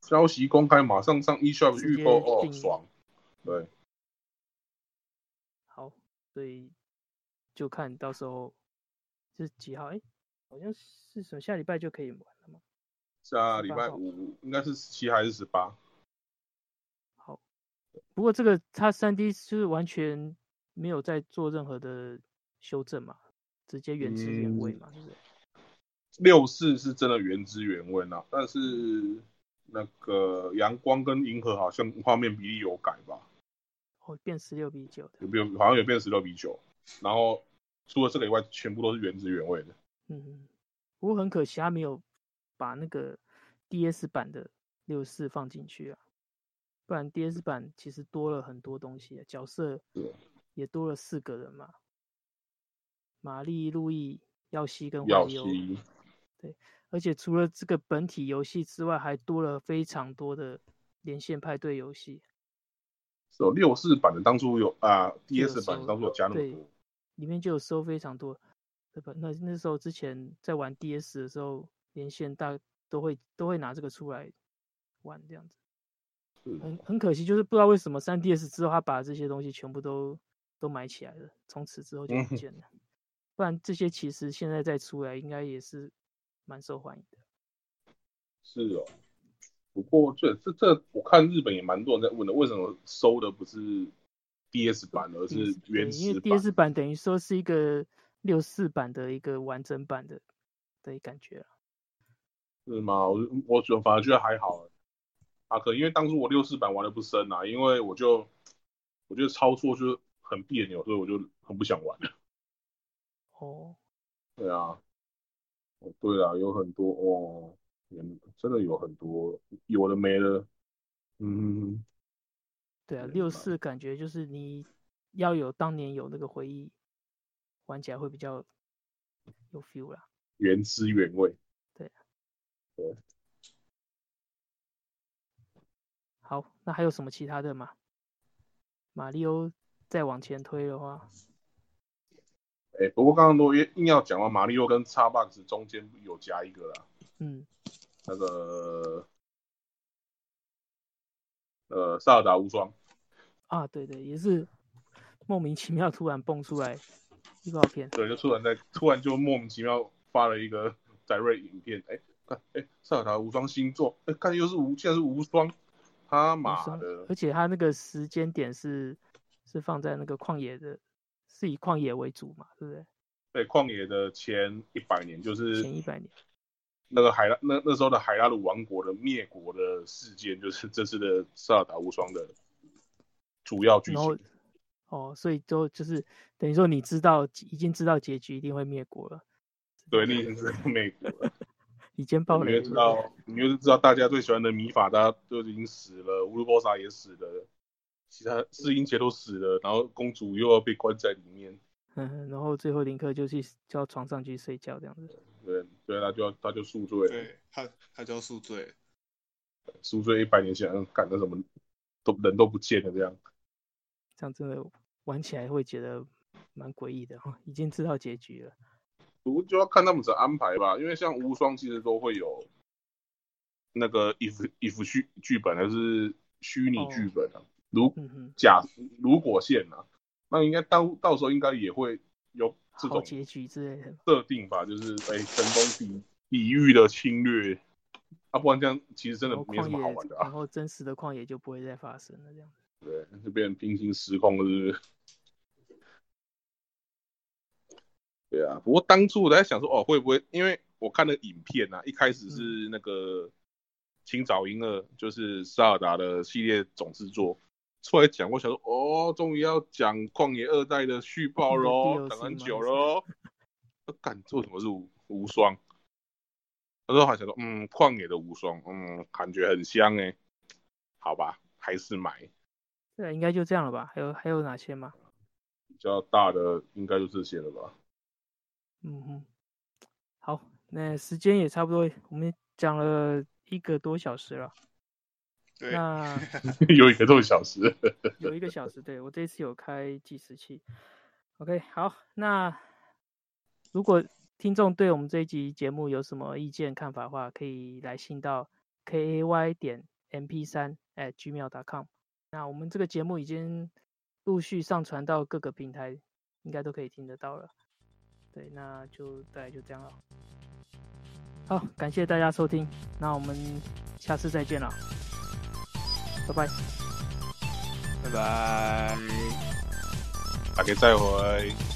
消息公開馬上上 eShop 預購哦，爽。對，好，所以就看到時候是幾號？哎、欸，好像是什麼？下禮拜就可以玩了嗎？下禮拜五應該是十七還是十八？不過這個它三 D 是完全沒有在做任何的修正嘛，直接原汁原味嘛，是、嗯、不是？六四是真的原汁原味啊，但是那個陽光跟銀河好像畫面比例有改吧？哦，變十六比九的，有沒有，好像有變十六比九，然後除了這個以外，全部都是原汁原味的。嗯，不過很可惜，他沒有把那個 DS 版的六四放進去啊。不然 D S 版其實多了很多東西，角色也多了四個人嘛，瑪麗、路易、耀西跟懷優。耀西。對，而且除了這個本體遊戲之外，還多了非常多的連線派對遊戲。有六四版的，當初有啊，呃，D S 版當初有加入，對，裡面就有收非常多，對吧？那那時候之前在玩 D S 的時候，連線大都會都會拿這個出來玩這樣子。很很可惜，就是不知道為什麼 3DS 之後他把這些東西全部都都埋起來了，從此之後就不見了。嗯。不然這些其實現在再出來，應該也是蠻受歡迎的。是哦，喔，不過這這這我看日本也蠻多人在問的，為什麼收的不是 DS 版，而是原版？因為 DS 版等於說是一個六四版的一個完整版的的感覺。啊，是嗎？我我反而覺得還好。欸。阿、啊、哥，可因為當初我六四版玩的不深吶、啊，因為我就我覺得操作就很彆扭，所以我就很不想玩了。哦、oh.，對啊，哦對啊，有很多哦，真的有很多，有的沒的。嗯，對啊，六四感覺就是你要有當年有那個回憶，玩起來會比較有 feel 啦，原汁原味。對、啊，對。好，那還有什麼其他的嗎？馬裡奧再往前推的話，哎、欸，不過剛剛都硬要講到馬裡奧跟叉 box 中間有加一個啦，嗯，那個呃，薩爾達無雙啊，對對，也是莫名其妙突然蹦出來預告片，對，就突然在突然就莫名其妙發了一個 Direct 影片，哎、欸，哎，薩爾達無雙新作哎、欸，看又是無，現在是無雙。他馬的，而且他那個時間點是是放在那個曠野的，是以曠野為主嘛，對不對？對，曠野的前一百年就是前一百年，那個海拉那那時候的海拉魯王國的滅國的事件，就是這次的塞爾達無雙的主要劇情。哦，所以就就是等於說你知道已經知道結局一定會滅國了，對，你已經知道滅國了。 你又知道，你又是知道，大家最喜歡的米法他都已經死了，烏魯波薩也死了，其他四英傑都死了，然後公主又要被關在裡面。呵呵，然後最後林克就去叫床上去睡覺，這樣子。對，對，他就要，他就宿醉了。對，他他叫宿醉，宿醉一百年前趕了什麼都，都人都不見了這樣。這樣真的玩起來會覺得蠻詭異的哈，已經知道結局了。不過就要看他們怎麼安排吧，因為像無雙其實都會有那個 if、嗯、if 虛劇本還是虛擬劇本，啊，如、嗯、假如果線啊，那應該到到時候應該也會有這種結局之類的設定吧，就是被、欸、成功抵抵禦的侵略，啊，不然這樣其實真的沒什麼好玩的啊。然後，也然後真實的曠野就不會再發生了，這樣。對，就變平行時空，是不是？對啊，不過當初我在想說，哦，會不會因為我看的影片啊，一開始是那個青沼英二，就是《薩爾達》的系列總製作出來講，我想說，哦，終於要講《曠野二代》的續報嘍、嗯，等很久嘍。敢、嗯、做，啊、為什麼是無，無雙？他說好像說，嗯，《曠野》的無雙，嗯，感覺很香誒、欸。好吧，還是買。對，應該就這樣了吧？還有還有哪些嗎？比較大的應該就這些了吧。嗯哼，好，那時間也差不多，我們講了一個多小時了。對，那 有一個多小時， 有一個小時。對，我這次有開計時器。OK，好，那如果聽眾對我們這一集節目有什麼意見看法的話，可以來信到 kay 點 mp 三 at gmail.com。那我們這個節目已經陸續上傳到各個平台，應該都可以聽得到了。對，那就大概就這樣了。好，感謝大家收聽，那我們下次再見了，拜拜，拜拜，拜。拜拜。拜